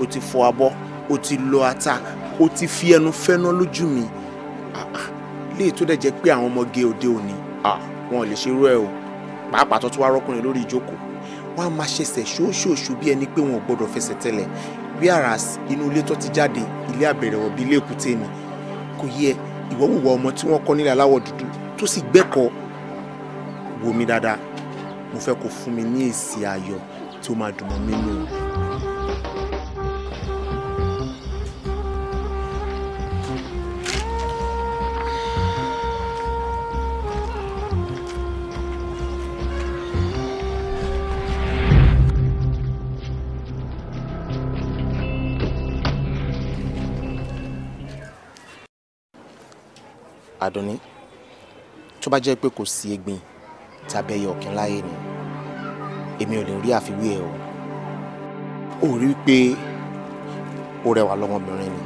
o ti fọ abọ́ o ti lọ ata o ti fi ẹnu fẹ́ná lójú mi léè tó dẹ̀ jẹ́ pé àwọn ọmọge òde òní wọn ò lè ṣerú ẹ o. Ah, pàápàá tó tún wá rọ́kùnrin lórí ìjókòó wọ́n á máa ṣẹ̀ṣẹ̀ ṣóṣòṣò bí ẹni pé wọn ò gbọ́dọ̀ fẹsẹ̀ tẹ̀lẹ̀ bí ara inú ilé tó ti jáde ilé àbẹ̀rẹ̀wọ̀ bí ilé èkúté ni kò yẹ ìwọ ọmọ tí wọ́n kọ́ nílẹ̀ aláwọ̀ dúdú tó sì gbẹ́kọ̀ọ́ wò mí dáadáa mo fẹ́ kó fún mi ní èsì ayọ̀ tí máa dùn mọ́ mi nù. Àdùnní tó bá jẹ́ pé kò sí egbin tàbí ẹyẹ ọ̀kín láyé ni èmi ò lè rí àfiwé ẹ o ò rí pé ó rẹwà lọ́mọbìnrin ni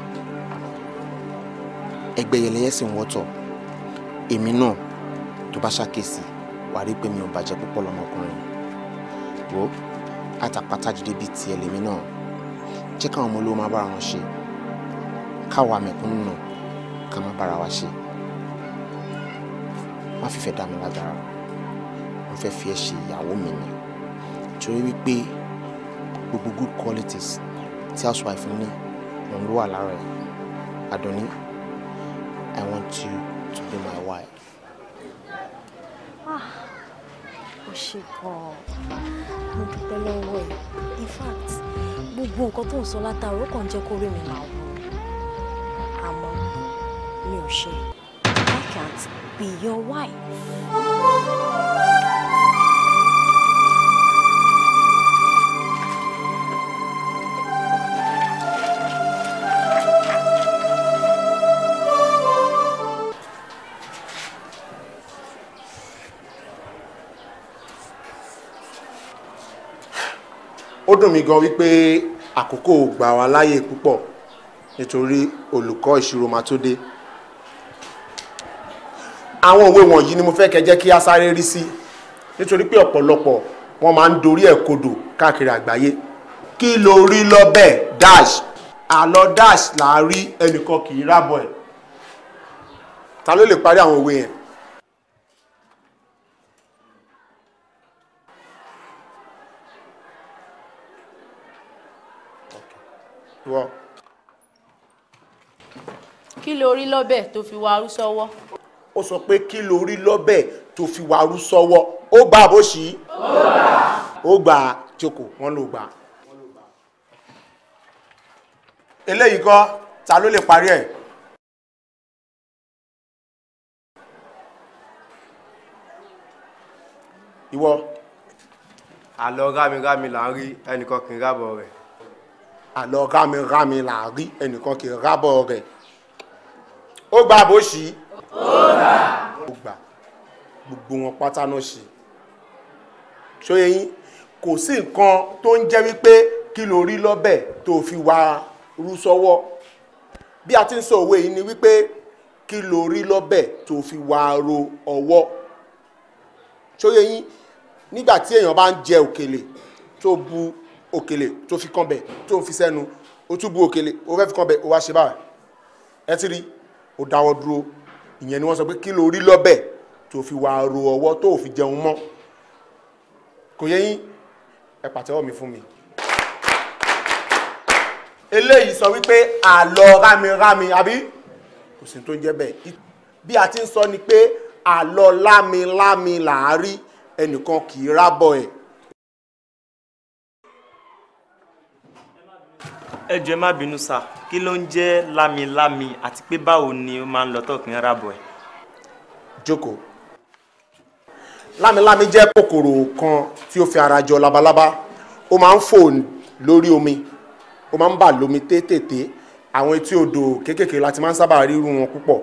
ẹgbẹ́ yẹlẹyẹ sì ń wọ́tọ̀ èmi náà tó bá ṣàkíyèsí wàá rí pé mi ò bàjẹ́ púpọ̀ lọ́mọkùnrin wo àtàpátá jíde bíi tiẹ̀ lèmi náà jẹ́ káwọn ọmọ olówó máa bára wọn ṣe káwa mẹ̀kúnnù náà ká má bára wa ṣe má fífẹ́ dá mi lágara mo fẹ́ fi ẹ́ ṣe ìyàwó mi ni torí wípé gbogbo good qualities tí housewife ní òun ló wà lára ẹ̀ Adoni I want you to be my wife. ah ó ṣe gan-an mo dúpẹ́ lọ́wọ́ ẹ̀ in fact gbogbo nǹkan tó ń sọ látàrí ó kàn jẹ́ kó rí mi làwọn àmọ́ mi ò ṣe be your wife. ó dùn mí gan wípé àkókò gbà wá láàyè púpọ̀ nítorí olùkọ́ ìṣirò máa tó dé àwọn òwe wọ̀nyí ni mo fẹ́ kẹ́ jẹ́ kí a sáré rí sí nítorí pé ọ̀pọ̀lọpọ̀ wọ́n máa ń dorí ẹ̀ kodò káàkiri àgbáyé kí lo rí lọ́bẹ̀ dash àlọ́ dash là á rí ẹnìkan kì í rábọ̀ ẹ̀ ta ló lè parí àwọn òwe yẹn. kí lo rí lọ́bẹ̀ tó fi wa arú ó sọ pé kí lórí lọ́bẹ̀ tó fi wàrú sọ́wọ́ ó gbà bó ṣí ó gbà jókòó wọ́n ló gbà. eléyìí kọ́ ta ló lè parí ẹ̀. ìwọ. àlọ́ rámirámi là ń rí ẹnìkan kì í rábọ̀ rẹ̀. àlọ́ rámirámi là ń rí ẹnìkan kì í rábọ̀ rẹ̀. ó gbà bó ṣí ó gbà. ó gbà gbogbo wọn pátá náà ṣe ṣóyẹ yín kò sí nǹkan tó ń jẹ́ wípé kí ló rí lọ́bẹ̀ tó fi wá rú sọ́wọ́ bí a ti ń sọ òwe yìí ni wípé kí ló rí lọ́bẹ̀ tó fi wá ro ọwọ́ ṣóyẹ yín nígbà tí èèyàn bá ń jẹ òkèlè tó bu òkèlè tó fi kan bẹ̀ tó fi sẹ́nu ó tún bu òkèlè ó fẹ́ fi kan ó wá ṣe báyìí ẹ ti rí ó dáwọ́ dúró ìyẹn ni wọ́n sọ pé kí lo rí lọ́bẹ̀ tó fi wá ro ọwọ́ tó fi jẹun mọ́ kò yẹ yín ẹ pàtẹ́wọ́ mi fún mi eléyìí sọ wípé àlọ́ rámirámi àbí kò sí tó ń jẹ́ bẹ́ẹ̀ bí a ti ń sọ ni pé àlọ́ lámilámi làárí ẹnìkan kì í rábọ̀ ẹ̀ ẹ jọ̀ọ́ ẹ má bínú sá kí ló ń jẹ́ lámilámi àti pé báwo ni ó máa ń lọ tọkìn rábọ̀ ẹ̀. jókòó lámilámi jẹ́ kòkòrò kan tí ó fi ara jọ labalábá ó máa ń fò lórí omi ó máa ń bà lómi tètè àwọn etí odò kéékèèké láti máa ń sábà ríru wọn púpọ̀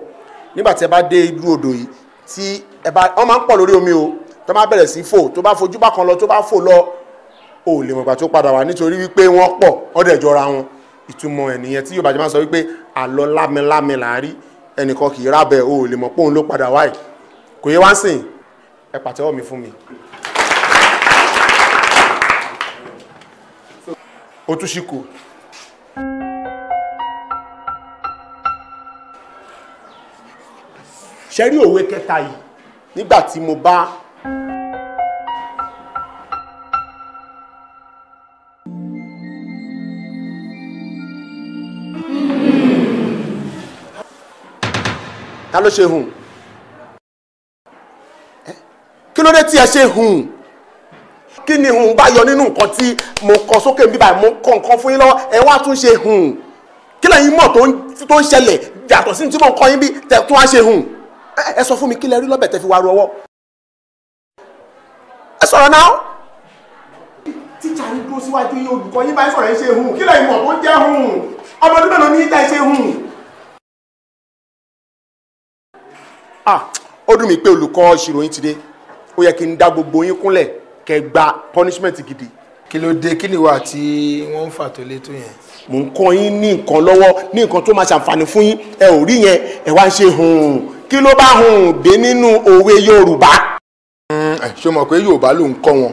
nígbà tí ẹ bá dé irú odò yìí tí ẹ bá wọn máa ń pọ̀ lórí omi o tó bá bẹ̀rẹ̀ sí fò tó bá fojú bá kan lọ tó bá fò lọ o ò lè mọ̀ ìgbà tó padà wá nítorí wípé wọ́n pọ̀ ọ̀dẹ̀ jọra wọn ìtumọ̀ ẹ̀ nìyẹn tí yorùbá jẹ́ máa sọ wípé àlọ́ lámẹ́lámẹ́ là á rí ẹnìkan kì í rábẹ̀ o lè mọ̀ pé òun ló padà wá yìí kò yẹ wá sìn ẹ pàtẹ́wọ́ mi fún mi. ó tún ṣì kù. ṣe rí òwe kẹta yìí nígbà tí mo bá ta ló ṣe hùn kí ló dé tí ẹ ṣe hùn kí ni hùn bá yọ nínú nǹkan tí mo kọ sókè bíbá mo kọ nǹkan fún yín lọ́wọ́ ẹ wá tún ṣe hùn kí lẹ́yìn mọ̀ tó ń ṣẹlẹ̀ yàtọ̀ sí tí mo kọ yín bí tẹ̀ tún wá ṣe hùn ẹ sọ fún mi kí lẹ rí lọ́bẹ̀ tẹ fi wá ru ọwọ́ ẹ sọ̀rọ̀ náà. tíjà ń dúró síwájú yín olùkọ́ yín báyìí sọ̀rọ̀ ẹ ṣe hùn kí lẹ́yìn mọ̀ tó ń jẹ́ hùn ọmọdún mélòó ní í ta ẹ ṣe hùn. ah ó dùn mí pé olùkọ́ ìṣirò yín ti dé ó yẹ kí n dá gbogbo yín kúnlẹ̀ kẹ́ gba punishment gidi. kí ló dé kí ni wà tí wọ́n ń fà tó lé tó yẹn. mò ń kọ́ yín ní nǹkan lọ́wọ́ ní nǹkan tó máa ṣàǹfààní fún yín ẹ ò rí yẹn ẹ wá ń ṣe hùn kí ló bá hùn dé nínú òwe yorùbá. Hmm, ṣé o mọ̀ pé yorùbá ló ń kọ́ wọn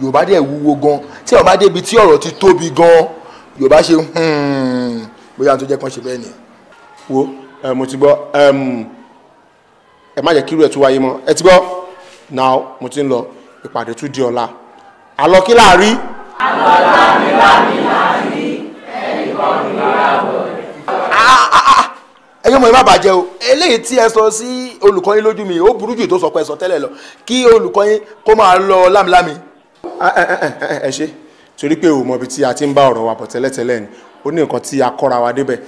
yorùbá dẹ̀ wúwo gan tí ọba débi tí ọ̀rọ̀ ti tóbi gan yorùbá ṣe hmm, bóyá tó jẹ́ kán ṣe bẹ́ẹ̀ nìyẹn. wo mo ti gbọ́ ẹ má jẹ́ kí irú ẹ̀ tún wáyé mọ́ ẹ ti gbọ́ now mo ti ń lọ ìpàdé tún di ọ̀la àlọ́ kí láàrí. àlọ́ láàmì láàmì láàrí ẹnì kan nígbàgbọ́ ẹyọmọ ẹ má bàjẹ́ o eléyìí tí ẹ sọ sí olùkọ́ yín lójú mi ó burú jù tó sọ pé ẹ sọ tẹ́lẹ̀ lọ kí olùkọ́ yín kó máa lọ lámìlámì. ẹ ṣe torí pé o mọ ibi tí a ti ń bá ọ̀rọ̀ wa bọ̀ tẹ́lẹ̀tẹ́lẹ̀ ni ó ní nǹkan tí a kọ́ra wa débẹ̀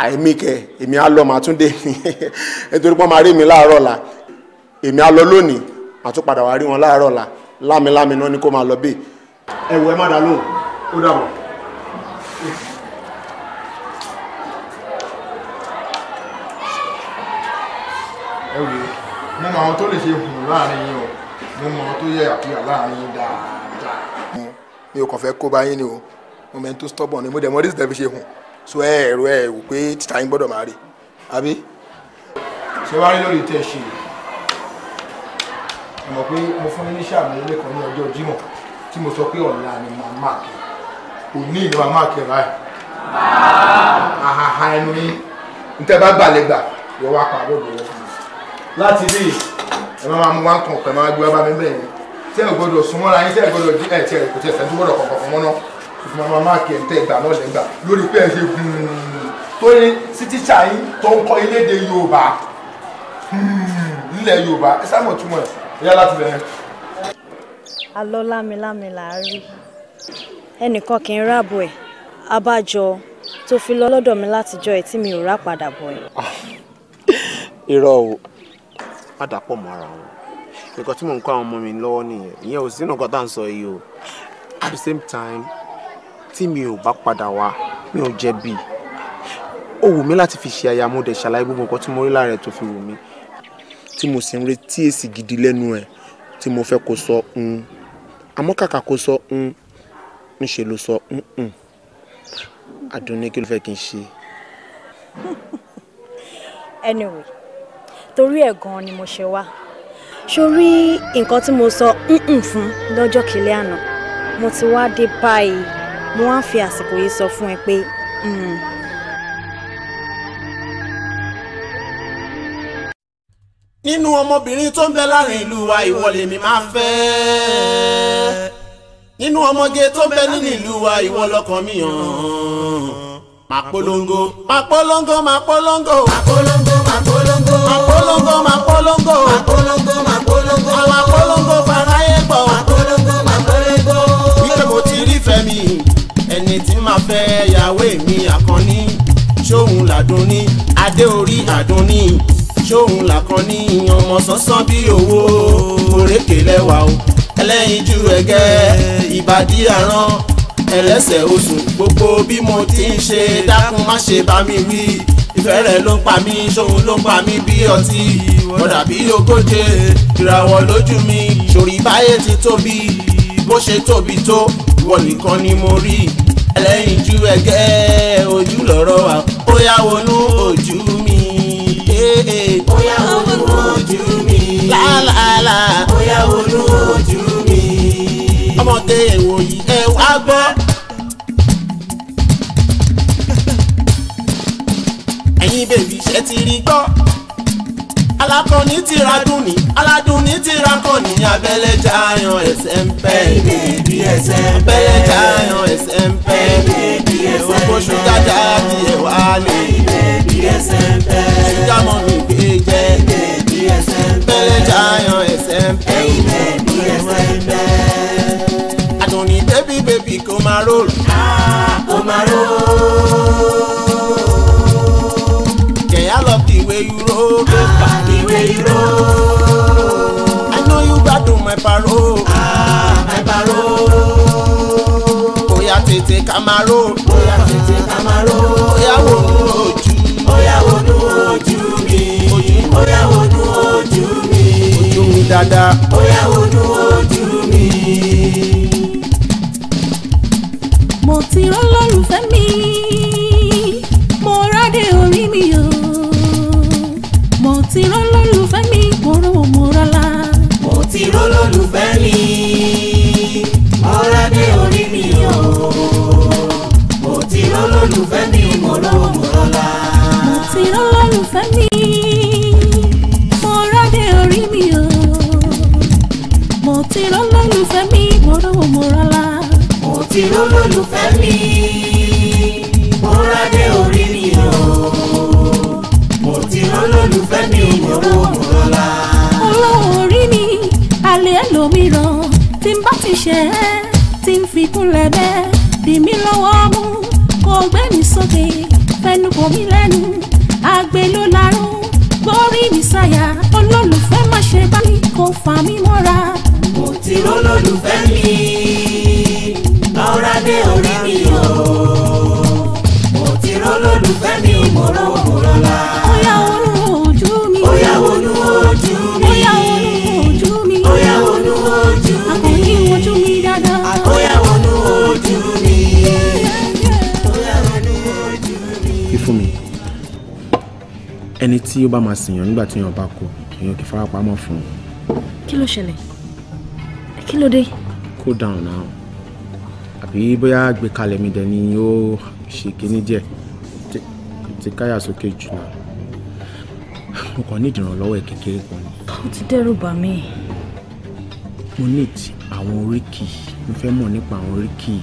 àìmí kẹ èmi á lọ màá tún dé ní nítorí pọ́n máa rí mi láàárọ̀ la èmi á lọ lónìí màá tún padà wá rí wọn láàárọ̀ la lámilámi náà ni kó máa lọ bẹ́ẹ̀. ẹ wò ẹ má dá lóhùn ó dàbọ̀. ẹ wò mo mọ àwọn tó lè ṣe hùn láàrin yín o mo mọ àwọn tó yẹ àfihàn láàrin yín dáadáa. mi ò kàn fẹ́ kó bá yín ni o mo mẹ́ni tó stọ́bọ̀n ni mo dẹ̀ mọ́ rí ìsìtẹ́ fi ṣe hùn so ẹ ẹ̀rọ ẹ wò pé títà yín gbọ́dọ̀ máa rí àbí. ṣé wàá rí lórí tẹ ṣe ẹ mọ̀ pé mo fún yín ní sàmì ilé kan ní ọjọ́ Jímọ̀ tí mo sọ pé ọ̀la ni màá máàkì òní ni màá máàkì ẹ̀ báyìí. àhàhà ẹnu yín níta bá balẹ̀ gbà wọ́n wá pa àbọ̀ lọ́wọ́ fún mi. láti rí ẹ máa mú wá kàn pẹ̀ máa gbé wá bá mi bẹ̀rẹ̀ tí ẹ gbọ́dọ̀ súnmọ́ra yín tí ẹ gbọ́dọ̀ jí ẹ̀ tí ẹ kò tí ẹ sẹ́ńtú gbọ́dọ̀ kọ̀ọ̀kan mọ́ná ìfún mama máàkì ẹ̀ ń tẹ́ ìgbà náà lẹ́gbà lórí pé ẹ ṣe gbùn tó ní sí tíṣà yín tó ń kọ́ ilédè yorùbá nílẹ̀ hmm, yorùbá ẹ sáà mọ̀ túmọ̀ ẹ̀ yá láti bẹ̀rẹ̀. alọ́ lámilámi là ẹnìkan kì í ráàbò ẹ̀ abájọ tó fi lọ lọ́dọ̀ mi látijọ́ ẹ̀ tí mi ò rà padà bọ̀ ẹ̀. Ah, irọ́ o padà pọ̀ mọ́ ara wọn nǹkan tí mò ń kọ́ àwọn ọmọ mi lọ́wọ́ nìyẹn ìyẹn ò sí nǹkan tá à ń sọ yìí o at the same time tí mi ò bá padà wá mi ò jẹ̀bi ó wù mí láti fi ṣe aya mo dẹ̀ ṣàlàyé gbogbo nǹkan tí mo rí lára ẹ̀ tó fi wù mí tí mo sì ń retí èsì gidi lẹ́nu ẹ̀ tí mo fẹ́ kó sọ ń àmọ́ kàkà kó sọ ń ńṣe ló sọ ń ń àdùnní kí ló fẹ́ kí n ṣe. anyway torí ẹ̀ gan-an ni mo ṣe wá sórí nǹkan tí mo sọ ń ń fún lọ́jọ́ kìlẹ̀ àná mo ti wá dé báyìí mo wá ń fi àsìkò yìí sọ fún ẹ pé hmm. nínú ọmọbìnrin tó ń bẹ láàrin ìlú wa ìwọ lèmi máa fẹ́ nínú ọmọge tó ń bẹ nínú ìlú wa ìwọ lọ́kàn mi hàn máa polongo máa polongo máa polongo máa polongo máa polongo máa polongo máa polongo máa polongo máa polongo máa polongo fara yẹ pọ̀. ìyàwó mi àkànní ṣóhun làdúnní adé orí àdúnní ṣóhun làkànní ọmọ sánsan bí owó òrékè lẹ́wà o ẹlẹ́yinjú ẹ̀gẹ́ ìbàdí àrán ẹlẹ́sẹ̀ oṣù gbogbo bí mo ti ń ṣe dákun má ṣe bá mi wí ìfẹ́ rẹ̀ ló ń pa mí ṣóhun ló ń pa mí bí ọtí mo dàbí ogóje ìràwọ̀ lójú mi ṣòrí báyé ti tóbi bó ṣe tóbi tó ìwọ nìkan ni mo rí ẹlẹ́yin ju ẹgẹ́ ojú lọ́rọ̀ wa ó yá wọnú ojú mi. ó yá wọnú ojú mi. lálàálà. ó yá wọnú ojú mi. ọmọdé èwo yìí ẹ wá gbọ́. ẹ̀yin bèbí ṣe ti rí gbọ́ alákọ̀ọ́ni ti ra dùnì aládùnì ti ra kọ̀ọ̀nì abẹ́lẹ̀ jayan ẹsẹ̀ ń pẹ́ ìbéèbí ẹsẹ̀ ń pẹ́ abẹ́lẹ̀ jayan ẹsẹ̀ ń pẹ́ ìbéèbí ẹsẹ̀ ń pẹ́ oṣù jájá ti ẹ̀ wá lé ìbéèbí ẹsẹ̀ ń pẹ́ ṣúgà mọ́ mi gbé jẹ́ ìbéèbí ẹsẹ̀ ń pẹ́ abẹ́lẹ̀ jayan ẹsẹ̀ ń pẹ́ ìbéèbí ẹsẹ̀ ń pẹ́ àdùnì bébí bébí kò máa rò kò máa rò. Kẹ̀yà love the way you roll play role. I know you gbádùn my parole. Ah, my parole. Oya, tètè ká máa ró. Bóyá tètè ká máa ró. Bóyá wò ó ojú. Bóyá wò ó ojú mi. Bóyá wò ó ojú mi. Ojú mi dáadáa. Bóyá wò ó ojú mi. Mo ti rán lólùfẹ́ mi, mo rádé orí mi yòó ti rólólùfẹ́ mi kóró òmùrọ́lá. mo ti rólólùfẹ́ mi ọ̀rẹ́ dé orí mi o mo ti rólólùfẹ́ mi kóró òmùrọ́lá. mo ti rólólùfẹ́ mi. Mo ti rólólùfẹ́ mi mo rówó mo mo ti rólólùfẹ́ mi. fẹ́mi òwòrò òwòrọ̀lá. olówó orí mi alẹ́ ẹlòmíràn tí n bá ti ṣe é tí n fi kúnlẹ̀ bẹ́ẹ̀ dì mí lọ́wọ́ mú kó gbé mi sókè fẹnu kò mí lẹ́nu àgbè ló larún gbórí mi sáyà olólùfẹ́ má ṣe bá mi kó fà mí mọ́ra. mo ti rólólùfẹ́ mi lọ́ra dé orí mi o mo ti rólólùfẹ́ mi mo rò mo tí ó bá máa sèyàn nígbà tí èèyàn bá kú èèyàn kì í fara pamọ́ fún un. kí ló ṣẹlẹ̀ kí ló dé. cool down now àbí bóyá gbékalẹ̀ mi dẹ̀ ni ó ṣe kíní díẹ̀ ti káyà sókè jù náà mo kàn ní ìdìrànlọ́wọ́ ẹ̀ kékeré kan ni. ó ti dẹ́rù bà mí. mo ní ti àwọn oríkì mo fẹ́ mọ̀ nípa àwọn oríkì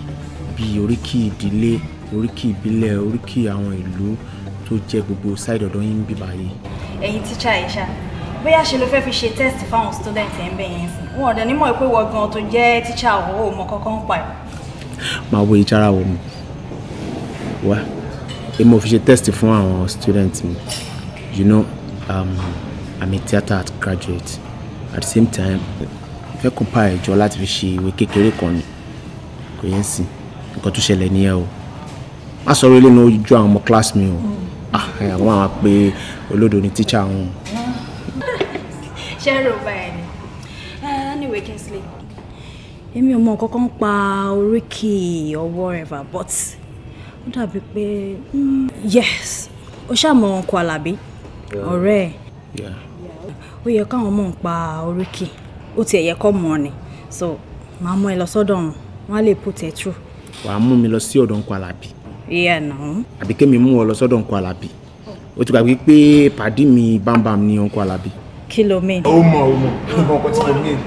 bíi oríkì ìdílé oríkì ìbílẹ̀ oríkì àwọn ìlú tó jẹ gbogbo side ọ̀dọ̀ yín bíbá yìí. ẹ̀yin tíṣà yìí ṣá bóyá ṣe ló fẹ́ fi ṣe test fáwọn student ẹ̀ ń bẹ̀ yẹn sí wọn ọ̀dẹ̀ nímọ̀ pé wọ́n gan tó jẹ́ tíṣà owó mọ kọ́kọ́ pa ẹ̀. máa wo ìjára wo mu wá èmi ò fi ṣe test fún àwọn student mi you know um, i'm a theatre art graduate at the same time fẹ́ kópa ẹ̀jọ́ láti fi ṣe ìwé kékeré kan ni kò yẹn sìn nǹkan tó ṣẹlẹ̀ nìyẹn o má sọ orí lẹ́nu ojú àwọn ọmọ class mi o. Mm àwọn ah, máa pe olódo ní tíṣà wọn. ṣé rò bá ẹ ni eh, anyway Kingsley èmi ò mọ nǹkan kan pa oríkì or whatever but ó dàbí pé hmm, yes ó ṣàmọ ọkọ alábí ọ̀rẹ́ ẹ̀ ó yẹ káwọn mọ̀ ń pa oríkì ó tiẹ̀ yẹ kọ́ mọ́ ni so màá mú ẹ lọ sọ́dọ̀ wọn wọn á lè put ẹ wàá mú mi lọ sí ọ̀dọ̀ ń alábí ìyá náà. àbí kémi mú ọ lọ sọ́dọ̀ nǹkan alábì o ti gbàgbé pé pàdí mi bámbam ni nǹkan alábì. kí ló mìn. ó mọ ó mọ ó mọ ọkọ tí mo mìn.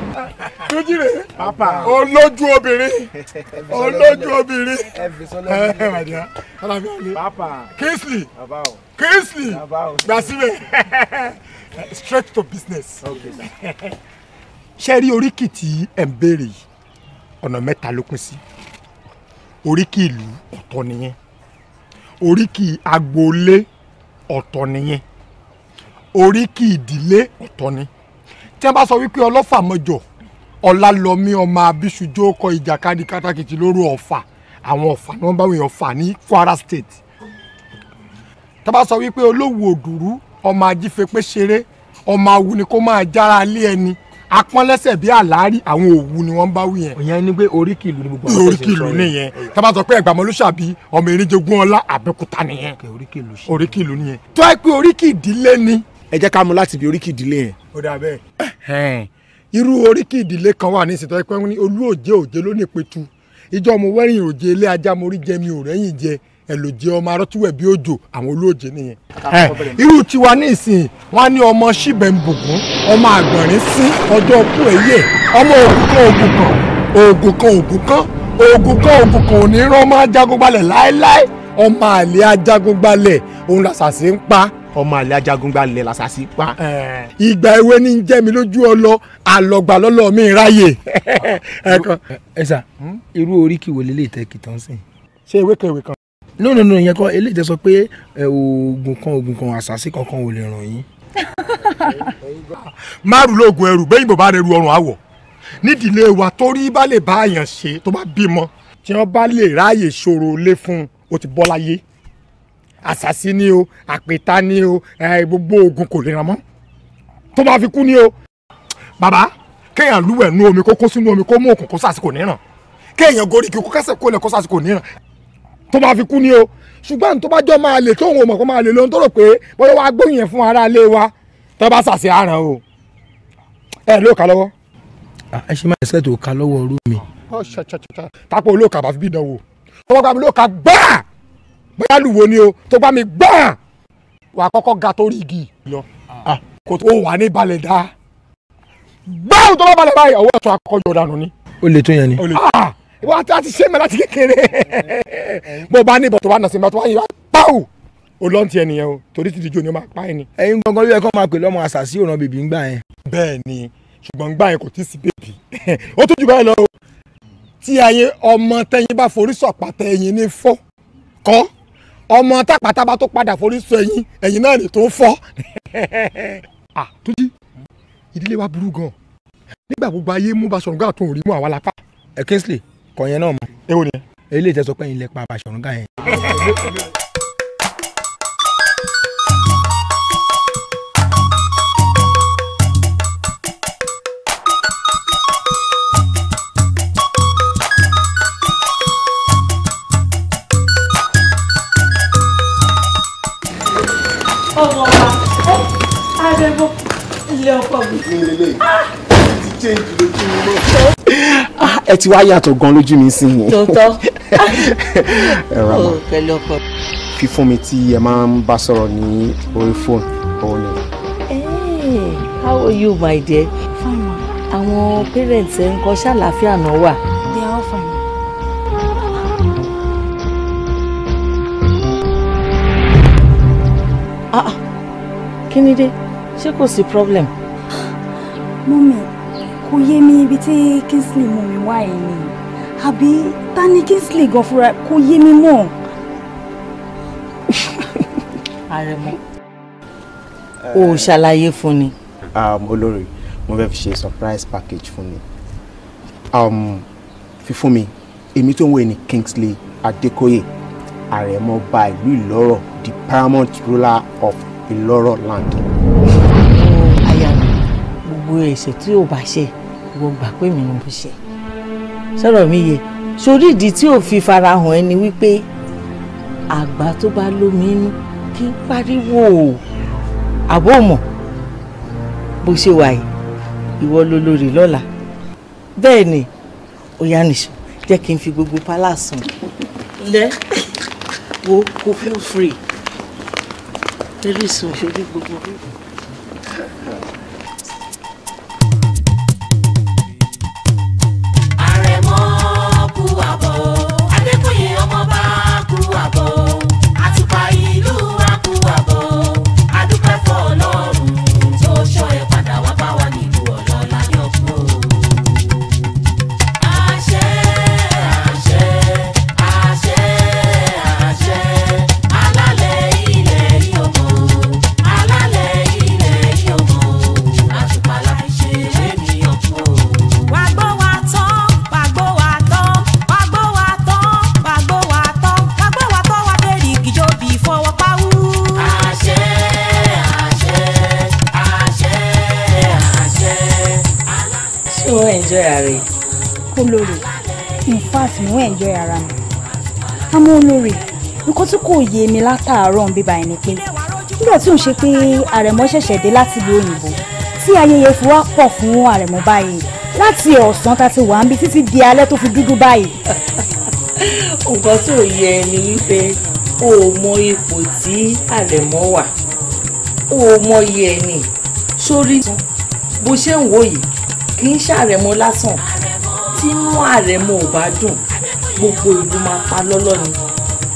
lójú rẹ olójú obìnrin olójú obìnrin ẹ màdìyà alábí ọlẹ Kingsley Kingsley gbà síbẹ̀ eh, straight to business. ṣé rí oríkì tí ẹ̀ ń béèrè yìí ọ̀nà mẹ́ta ló pín sí oríkì ìlú ọ̀tọ̀ nìyẹn oríkì agboolé ọ̀tọ̀ nìyẹn oríkì ìdílé ọ̀tọ̀ ni tí wọ́n bá sọ wípé ọlọ́fà mọ́jọ ọlálọ́mí ọmọ abisujo kọ ìjàkadì kátàkìtì lóru ọ̀fà àwọn ọ̀fà ni wọ́n bá wọ̀nyẹn ọ̀fà ní Kwara State tí wọ́n bá sọ wípé olówó òdùrú ọmọ ajífẹ́pẹ́ ṣeré ọmọ awuni kó máa jára lé ẹni apọ́nlẹ́sẹ̀ bí àlárí àwọn òwú ni wọ́n bá wí yẹn. ìyẹn ni pé oríkì ni gbogbo àwọn oríkì ìlú nìyẹn tá bá sọ pé ẹ̀gbà mọ́lúṣàbí ọmọ erinjogun ọlá àbẹ́kúta nìyẹn oríkì ìlú nìyẹn. tó ẹ pé oríkì ìdílé ni. ẹ jẹ́ ká mú láti bí oríkì ìdílé yẹn. ó dà bẹ́ẹ̀. irú oríkì ìdílé kan wà ní ìsìtọ́ ẹ̀pẹ́ ní olú òjé òjé lónìí petu ìjọ mo wẹ́rìn òjé ilé ajá mo rí jẹ mi ò rẹ́yìn jẹ ẹlòjẹ ọmọ arọtúwẹ bí òjò àwọn olóòjé nìyẹn. irú tiwa ní ìsìn wọn ní ọmọ síbẹ̀ǹbùkún ọmọ àgbọ̀nrín sí ọjọ́ ọkú ẹ̀yẹ ọmọ ògùn kan ògùn kan ògùn kan ògùn kan ògùn kan òní rán ọmọ ajagunbalẹ̀ láéláé ọmọ àlè ajagunbalẹ̀ òun làṣàṣì ń pa. ọmọ àlè ajagunbalẹ̀ làṣàṣì ń pa. ìgbà èwe ni ń jẹ́ mi lójú ọlọ àlọ́gbà lọ́lọ́ mi ráyè. ẹ sà irú oríkì wo lélẹ́yìí tẹ́ kìtàn sìn. ṣé ewé kan ìwé kan no no no ìyẹn kọ́ eléyìí tẹ́ sọ pé oògùn kan oògùn kan àṣàṣì kankan ò lè ràn yín. márùn lóògùn ẹrù bẹ́yìn bò bá rẹ̀ ru ọrùn àwọ̀ nídìílé wa torí bá lè bá àyàn ṣe tó bá bímọ tí wọ́n bá lè ráàyè ṣòro lé fún un ó ti bọ́ láyé àṣàṣì ni o àpèta ni o gbogbo oògùn kò lè ràn mọ́ tó bá fi kú ni o bàbá kéèyàn lúwẹ̀ẹ́ nú omi kó kó sínú omi kó mú òkùn kó sàṣì kéèyàn gorí kí kó kẹsẹ̀ kó lẹ̀ kó sàṣì kò tó máa fi kú ni o ṣùgbọ́n tó bá jọ máa lè tóun ò mọ̀ kó máa lè lóhun tó rò pé bóyá wàá gbóyìn yẹn fún ara ilé wa tó bá sàṣẹ àràn o ẹ ló kà lọ́wọ́. Ah, ẹ ṣe máa ṣètò ká lọ́wọ́ ọrú mi. tápọ̀ olóòkà bá fi bí ìdánwò ọwọ́ gbà mí lóòkà gbáà bóyá lùwọ ni o tó gbà mí gbáà wà á kọ́kọ́ ga torí igi lọ ah. kò tó wà ní balẹ̀ dáa gbáà tó bá balẹ̀ báyìí ọwọ́ ẹ̀ tó akọ́jọ́ dànù ni. ó le tó yẹn ni. Ah! ìwà tí a ti ṣe mẹ́ láti kékeré bó bá ní ìbọn tó bá nà sí ìbọn tó bá yẹ wá pàù o lọ́n ti ẹnìyẹn o torí ti dìjọ ni o máa pa ẹni. ẹyin gangan ló yẹ kó máa pè lọ́mọ àṣàṣì òràn bèbí ń gbà yẹn. bẹ́ẹ̀ ni ṣùgbọ́n gbà yẹn kò tí ì sí bèbí ó tún jù báyìí lọ o tí ayé ọmọ tẹyin bá forí sọ pàtẹ ẹyin ní fọ́ kọ́ ọmọ tápàtà bá tó padà forí sọ ẹyin ẹyin náà ní tó ń fọ́. à tó jí ìdílé wa burú gan nígbà gbogbo ayé mú bá sọ̀rọ̀ gbà tó ń rí mú àwa lápá. Kingsley kọ yẹn náà mọ. èwo ni ẹ. eléyìí tẹ sọ pé ilẹ̀ pa Bàṣọ̀run Gáà yẹn. ilé ọkọ mi. mi lele ah! ti change lójú mi náà. Ah, ẹ ti wá yàtọ̀ gan lójú mi sí yẹn. tòótọ́ ẹ ra ma oh, pẹ̀lú ọkọ. fífún mi tí ẹ máa ń bá sọ̀rọ̀ ní orí fóònù òun ni. how are you my dear. fine ma. àwọn parents ẹ ń kọ ṣàlàáfíà náà wà. they are fine. Ah, ah kí ni dé ṣé kò sí problem. mọ́mí kò yé mi ibi tí Kingsley mú mi wá yìí ni àbí ta ni Kingsley gan fúnra kò yé mi mọ́. àrẹ̀mọ o ò ṣàlàyé fún ni. Um, olórí mo fẹ́ fi ṣe surprise package fún mi um, fífún mi èmi tó ń wò ní Kingsley Adékòyè àrẹ̀mọba ìlú Ìlọ́rọ̀ the paramount ruler of Ìlọ́rọ̀ land gbogbo ẹ̀ṣẹ̀ tí o bá ṣe ìwọ gbà pé mi ni mo ṣe sọ̀rọ̀ mi yé sórí ìdí tí ò fi farahàn ẹni wípé àgbà tó bá lómi inú kí n pariwo àbòmọ̀ bó ṣe wà yìí ìwọ ló lórí lọ́la bẹ́ẹ̀ ni òyà nìṣó jẹ́ kí n fi gbogbo palace hàn lẹ́ wo kò feel free tẹ́lẹ̀ sùn ṣorí gbogbo. kò yé mi látàárọ̀ ń bíbá ẹni pé nígbà tí òun ṣe pé àrẹ̀mọ ṣẹ̀ṣẹ̀ dé láti ìlú òyìnbó tí ayẹyẹ fi wá pọ̀ fún àrẹ̀mọ báyìí láti ọ̀sán tá ti wà ń bí títí di alẹ́ tó fi dúdú báyìí. nǹkan tó yẹ ni wípé o mọ ipò tí àrẹ̀mọ wà o mọ iye ẹni sórí bó ṣe ń wò yìí kì í ṣàrẹ̀mọ lásán tí inú àrẹ̀mọ ò bá dùn gbogbo ìlú máa pa lọ́lọ́ ni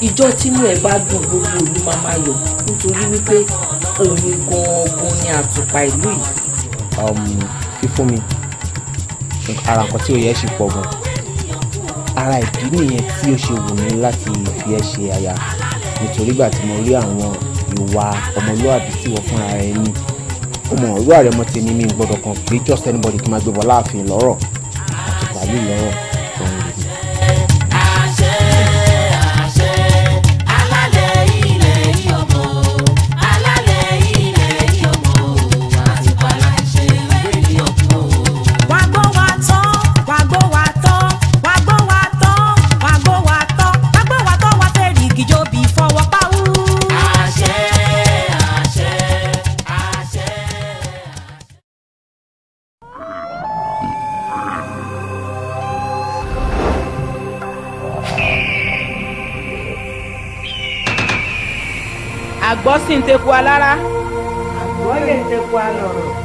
ìjọ tínú ẹ bá dùn gbogbo ìlú máa máa yọ nítorí wípé òun gangan ni àtùpà ìlú yìí. Um, fífún mi ara nǹkan tí ó ṣe pọ̀ gan ara ìdí nìyẹn tí ó ṣe wù mí láti fi ẹ́ ṣe aya nítorí ìgbà tí mo rí àwọn ìwà ọmọlúwàbí tí wọ́n fúnra rẹ̀ ní ọmọ òwúrọ̀ rẹ̀ mi gbọ́dọ̀ kan pé just anybody kí n máa gbé bọ́ láàfin lọ́rọ̀ àtùpà yìí lọ́rọ̀. teku alára. àbúrò lè teku alọ̀rọ̀. ṣé ò sí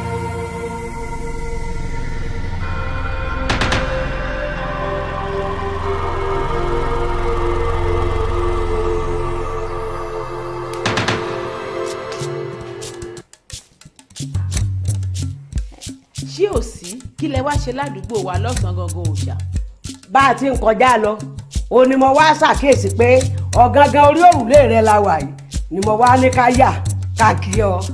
kí lẹ wá ṣe ládùúgbò wa lọ́sàn-án gangan òòṣà. bá a ti ń kọjá lọ òní mo wá ṣàkíyèsí pé ọ̀gángan orí òrùlé rẹ la wà yìí ni mo wá ní ká yà káàkiri ọ.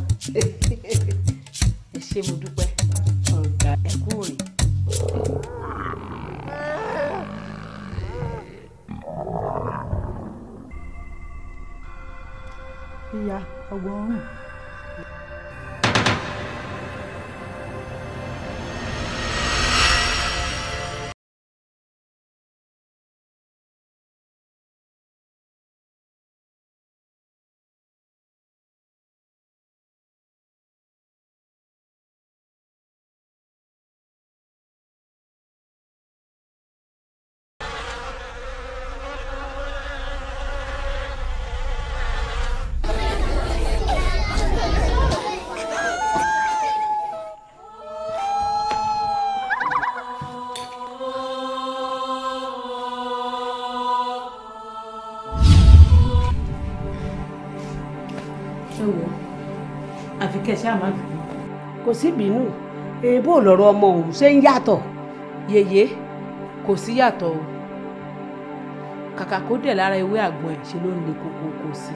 ṣáà má bínú. kò sí bínú èèbò lọ̀rọ̀ ọmọ òun ṣe ń yàtọ̀ yèyé kò sí yàtọ̀ o kàkà kó dẹ̀ lára ewé àgbọn ẹ̀ ṣe ló ń le koko kò sí.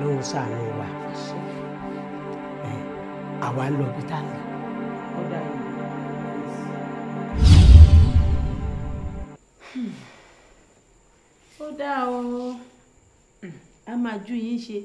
ló ń ṣàánú wa àwa ń lọ bí tá a lọ. ó dáa o a máa ju yín ṣe.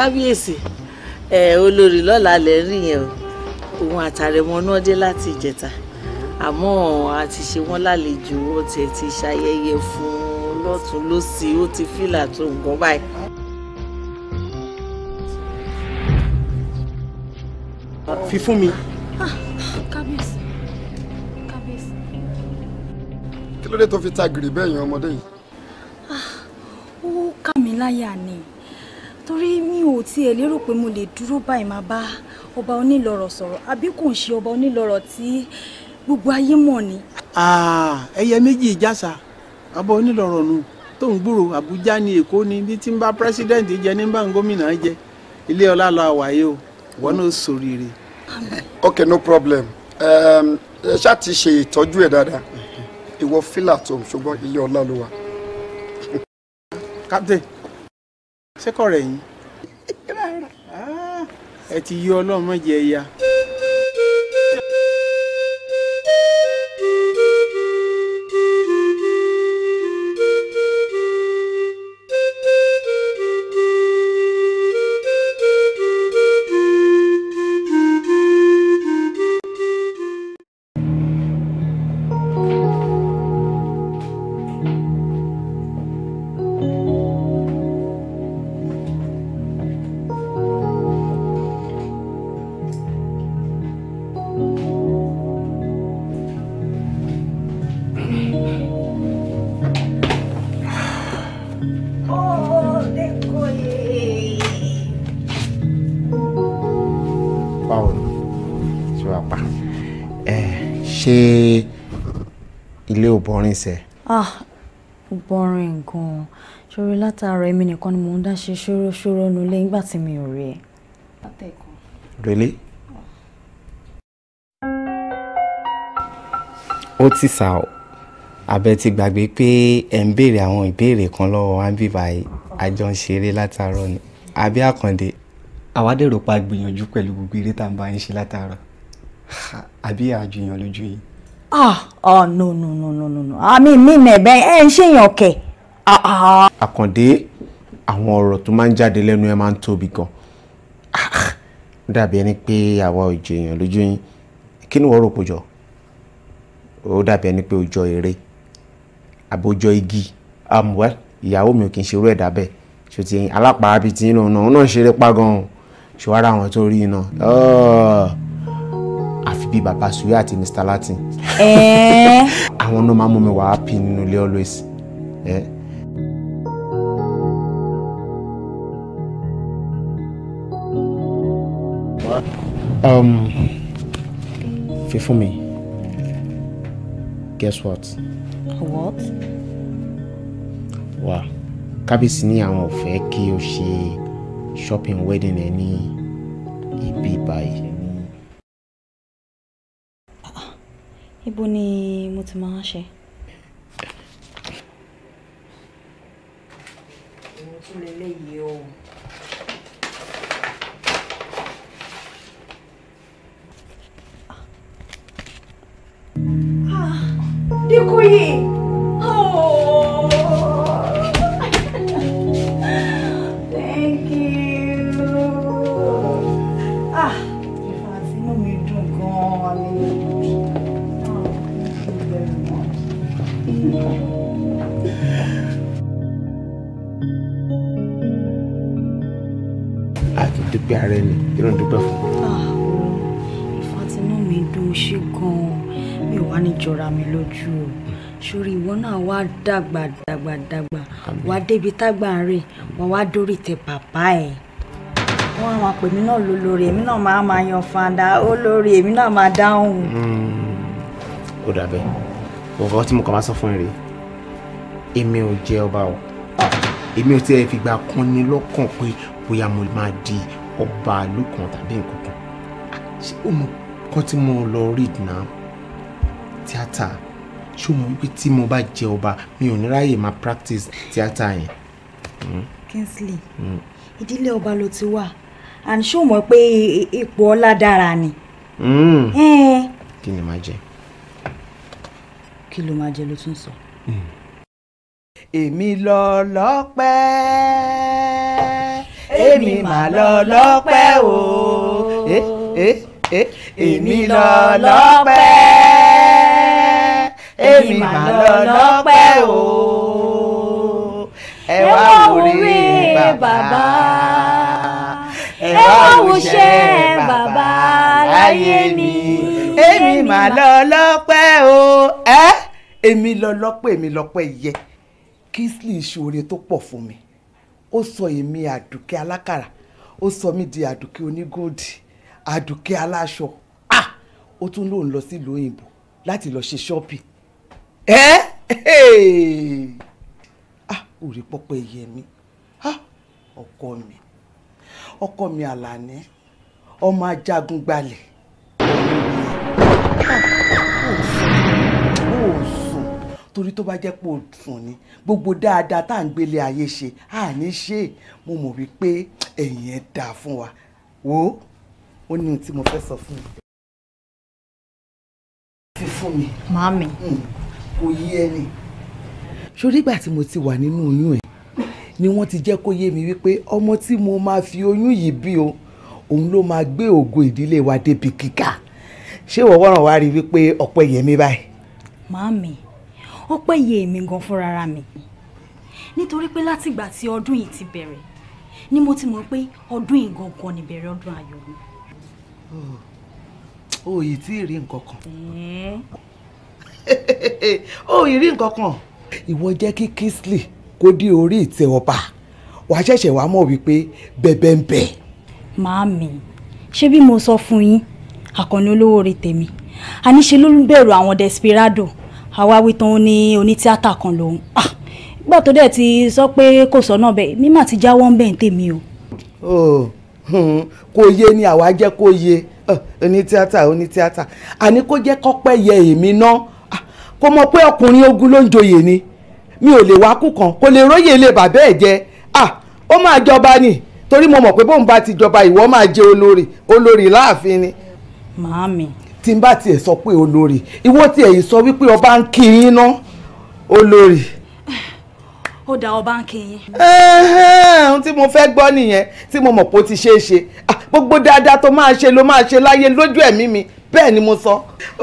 kábíyèsí ẹ olórí lọ́la lẹ́ ń rí yẹn o òun àtàrẹ̀mọ náà dé láti ìjẹta àmọ́ a ti ṣe wọ́n lálejò ó tiẹ̀ ti ṣayẹyẹ fún un lọ́tún lọ́sì ó ti fìlà tó nǹkan báyìí. fi fún mi. Ah, kábíyèsí kábíyèsí. kí ló dé tó fi ta gìrì bẹ́ẹ̀ yan ọmọdé yìí. tiẹ̀ e lérò pé mo lè dúró báyìí máa bá ọba onílọ̀rọ̀ sọ̀rọ̀ àbí kò ń ṣe ọba onílọ̀rọ̀ tí gbogbo ayé mọ̀ ni. Ah, ẹyẹ méjì ìjàsà ọba onílọ̀rọ̀ nù tó ń gbúrò àbújá ni èkó ni bí tí ń bá pírẹsidẹ́ǹtì jẹ ní bá ń gómìnà jẹ ilé ọlá lọ àwàyé o wọn náà sòrìrì. ok no problem ẹ ṣáà ti ṣe ìtọ́jú ẹ̀ dáadáa ìwọ fílà tó ń ṣùgbọ́n ilé ọlá ló wà. captain ṣé kọ̀ rẹ̀ yín ẹ ti yí ọlọ́run mọ̀jẹ̀ ya. ẹ. ah boring gan-an ṣòro látara èmi nìkan ni mò ń dá ṣe ṣòro-ṣòro nulẹ̀ nígbà tí mi ò rí ẹ. really. ó ti sà ọ́ abẹ ti gbàgbé pé ẹ̀ ń béèrè àwọn ìbéèrè kan lọ́wọ́ wa ń bí báyìí àjọ ń ṣeré látàárọ̀ ni àbí àkàndé. àwa dèrò pa gbìyànjú pẹ̀lú gbogbo eré tá à ń bá yín ṣe látàárọ̀ àbí àjùyàn lójú yìí ah oh no no no no no no àmì ah, mi nẹ̀bẹ̀ ẹ̀ ń ṣèyàn kẹ̀. àkàndé àwọn ọ̀rọ̀ tó máa ń jáde lẹ́nu ẹ máa ń tóbi gan ah, dàbí ẹni pé àwa ò jèèyàn lójú yín kí ni wọ́n rò pọ̀ jọ ó dàbí ẹni pé òjọ eré àbójọ igi àmọ́ um, ìyàwó mi ò kì í ṣerú ẹ̀dá bẹ́ẹ̀ ṣò ti alápàá bíi ti ń lò náà òun náà pa gan-an ara àwọn tó rí iná. Oh bíi baba suya àti mr latin. àwọn náà máa mú mi wá happy nínú ilé always. Eh? Um, guess what? What? Wà, Kábíyèsí ní àwọn ò fẹ́ kí o ṣe shopping wedding ẹ ní ibi báyìí. Ibo ni mo ti máa ń ṣe? Mo tún lè á dàgbà dàgbà dàgbà wà á débi tágbà ń rè wà wá dórí tẹ bàbá ẹ̀ wọ́n á máa pè mí náà lólórí èmi náà máa máa yan fanda olórí èmi náà máa dáhùn. Hmm, ó dàbẹ̀ ọ̀rọ̀ tí mo kàn máa sọ fún ẹ rèé èmi ò jẹ ọba o èmi ò tiẹ̀ fìgbà kan ní lọ́kàn pé bóyá mo máa di ọba lókun tàbí nǹkan kan ṣé o mọ kan tí mo lọ read náà tíátà ṣó mo wípé tí mo bá jẹ ọba mi ò ní ráyè máa practice tíátà yẹn. Hmm. Kingsley hmm. ìdílé ọba ló ti wà and ṣó mọ̀ pé ipò ọlá dára ni. Hmm. kí ni màá jẹ. kí ló máa jẹ ló tún sọ. èmi lọ lọ́pẹ́ èmi mà lọ lọ́pẹ́ o eh, eh, eh. èmi lọ lọ́pẹ́ èmi mà lọ lọ́pẹ́ o ẹ wá wúrí bàbá ẹ wá wúṣẹ́ bàbá láyé mi èmi mà lọ lọ́pẹ́ o ẹ èmi lọ lọ́pẹ́ èmi lọ́pẹ́ yẹ Kingsley ìṣòro tó pọ̀ fún mi ó sọ èmi àdùkẹ́ alákàrà ó sọ mí di àdùkẹ́ onígòdì àdùkẹ́ aláṣọ ah ó tún lóun lọ sílùú òyìnbó láti lọ ṣe ṣọ́ọ̀pì ẹ ah òrè pọpẹ ẹyẹ mi ah ọkọ mi ọkọ mi àlàní ọmọ ajagun gbalẹ̀ ó ah, sùn torí tó bá jẹ́ pé ó sùn ni gbogbo dáadáa tá à ń gbélé ayé ṣe à ní ṣe mo mọ̀ wípé ẹ̀yìn ẹ̀ dáa fún wa wo ó ní ohun tí mo fẹ́ sọ fún mi. fi fún mi. màámi. Hmm kò yí ẹni. sórí ìgbà tí mo ti wà nínú oyún ẹ ni wọ́n ti jẹ́ kó yé mi wípé ọmọ tí mo máa fi oyún yìí bí o òun ló máa gbé ògo ìdílé wa débi kíkà ṣé ìwọ wọ́n wá rí wípé ọpẹ́ yẹmi báyìí. màámi ọpẹ́ yẹ èmi gan fúnra mi nítorí pé látìgbà tí ọdún yìí ti bẹ̀rẹ̀ ni mo ti mọ̀ pé ọdún yìí gangan ni bẹ̀rẹ̀ ọdún ayọ̀ mi. o ò yìí tí ì rí nǹkan kan ó ì rí nǹkan kan. ìwọ jẹ́ kí Kingsley kó dé orí ìtẹ́ ọba wàá ṣẹ̀ṣẹ̀ wàá mọ̀ wípé bẹ̀bẹ̀ ń bẹ̀. màámi ṣé bí mo sọ fún yín àkànní olówó orí tèmi àníṣe ló ń bẹ̀rù àwọn desperado àwa wítan ní onítìátà kan lòun ah, gbà tó dẹ̀ ti sọ pé kò sọ náà bẹ́ẹ̀ mímà ti jáwọ́ ń bẹ̀ ń tèmi o. Oh, hmm, kò yé ni àwa jẹ́ kó yé eh, onítìátà onítìátà àní kó jẹ́ kọ́pẹ́ yẹ èmi náà kó mọ̀ pé ọkùnrin ogun ló ń joyè ni mi ò lè wá kú kan kò lè róyè lè bàbá ẹ̀ jẹ ah ó máa jọba ni torí mo mọ̀ pé bóun bá ti jọba ìwọ máa jẹ olórí olórí láàfin ni. màámi. tí n bá tiẹ̀ sọ pé olórí ìwọ tiẹ̀ yìí sọ wípé ọba ń kí yín olórí ó da ọba ń kin yín. ohun tí mo fẹ́ gbọ́ nìyẹn tí mo mọ̀ pé ó ti ṣeé ṣe ah, gbogbo dáadáa tó máa ṣe ló máa ṣe láyé lójú ẹ̀mí mi bẹ́ẹ̀ ni mo sọ.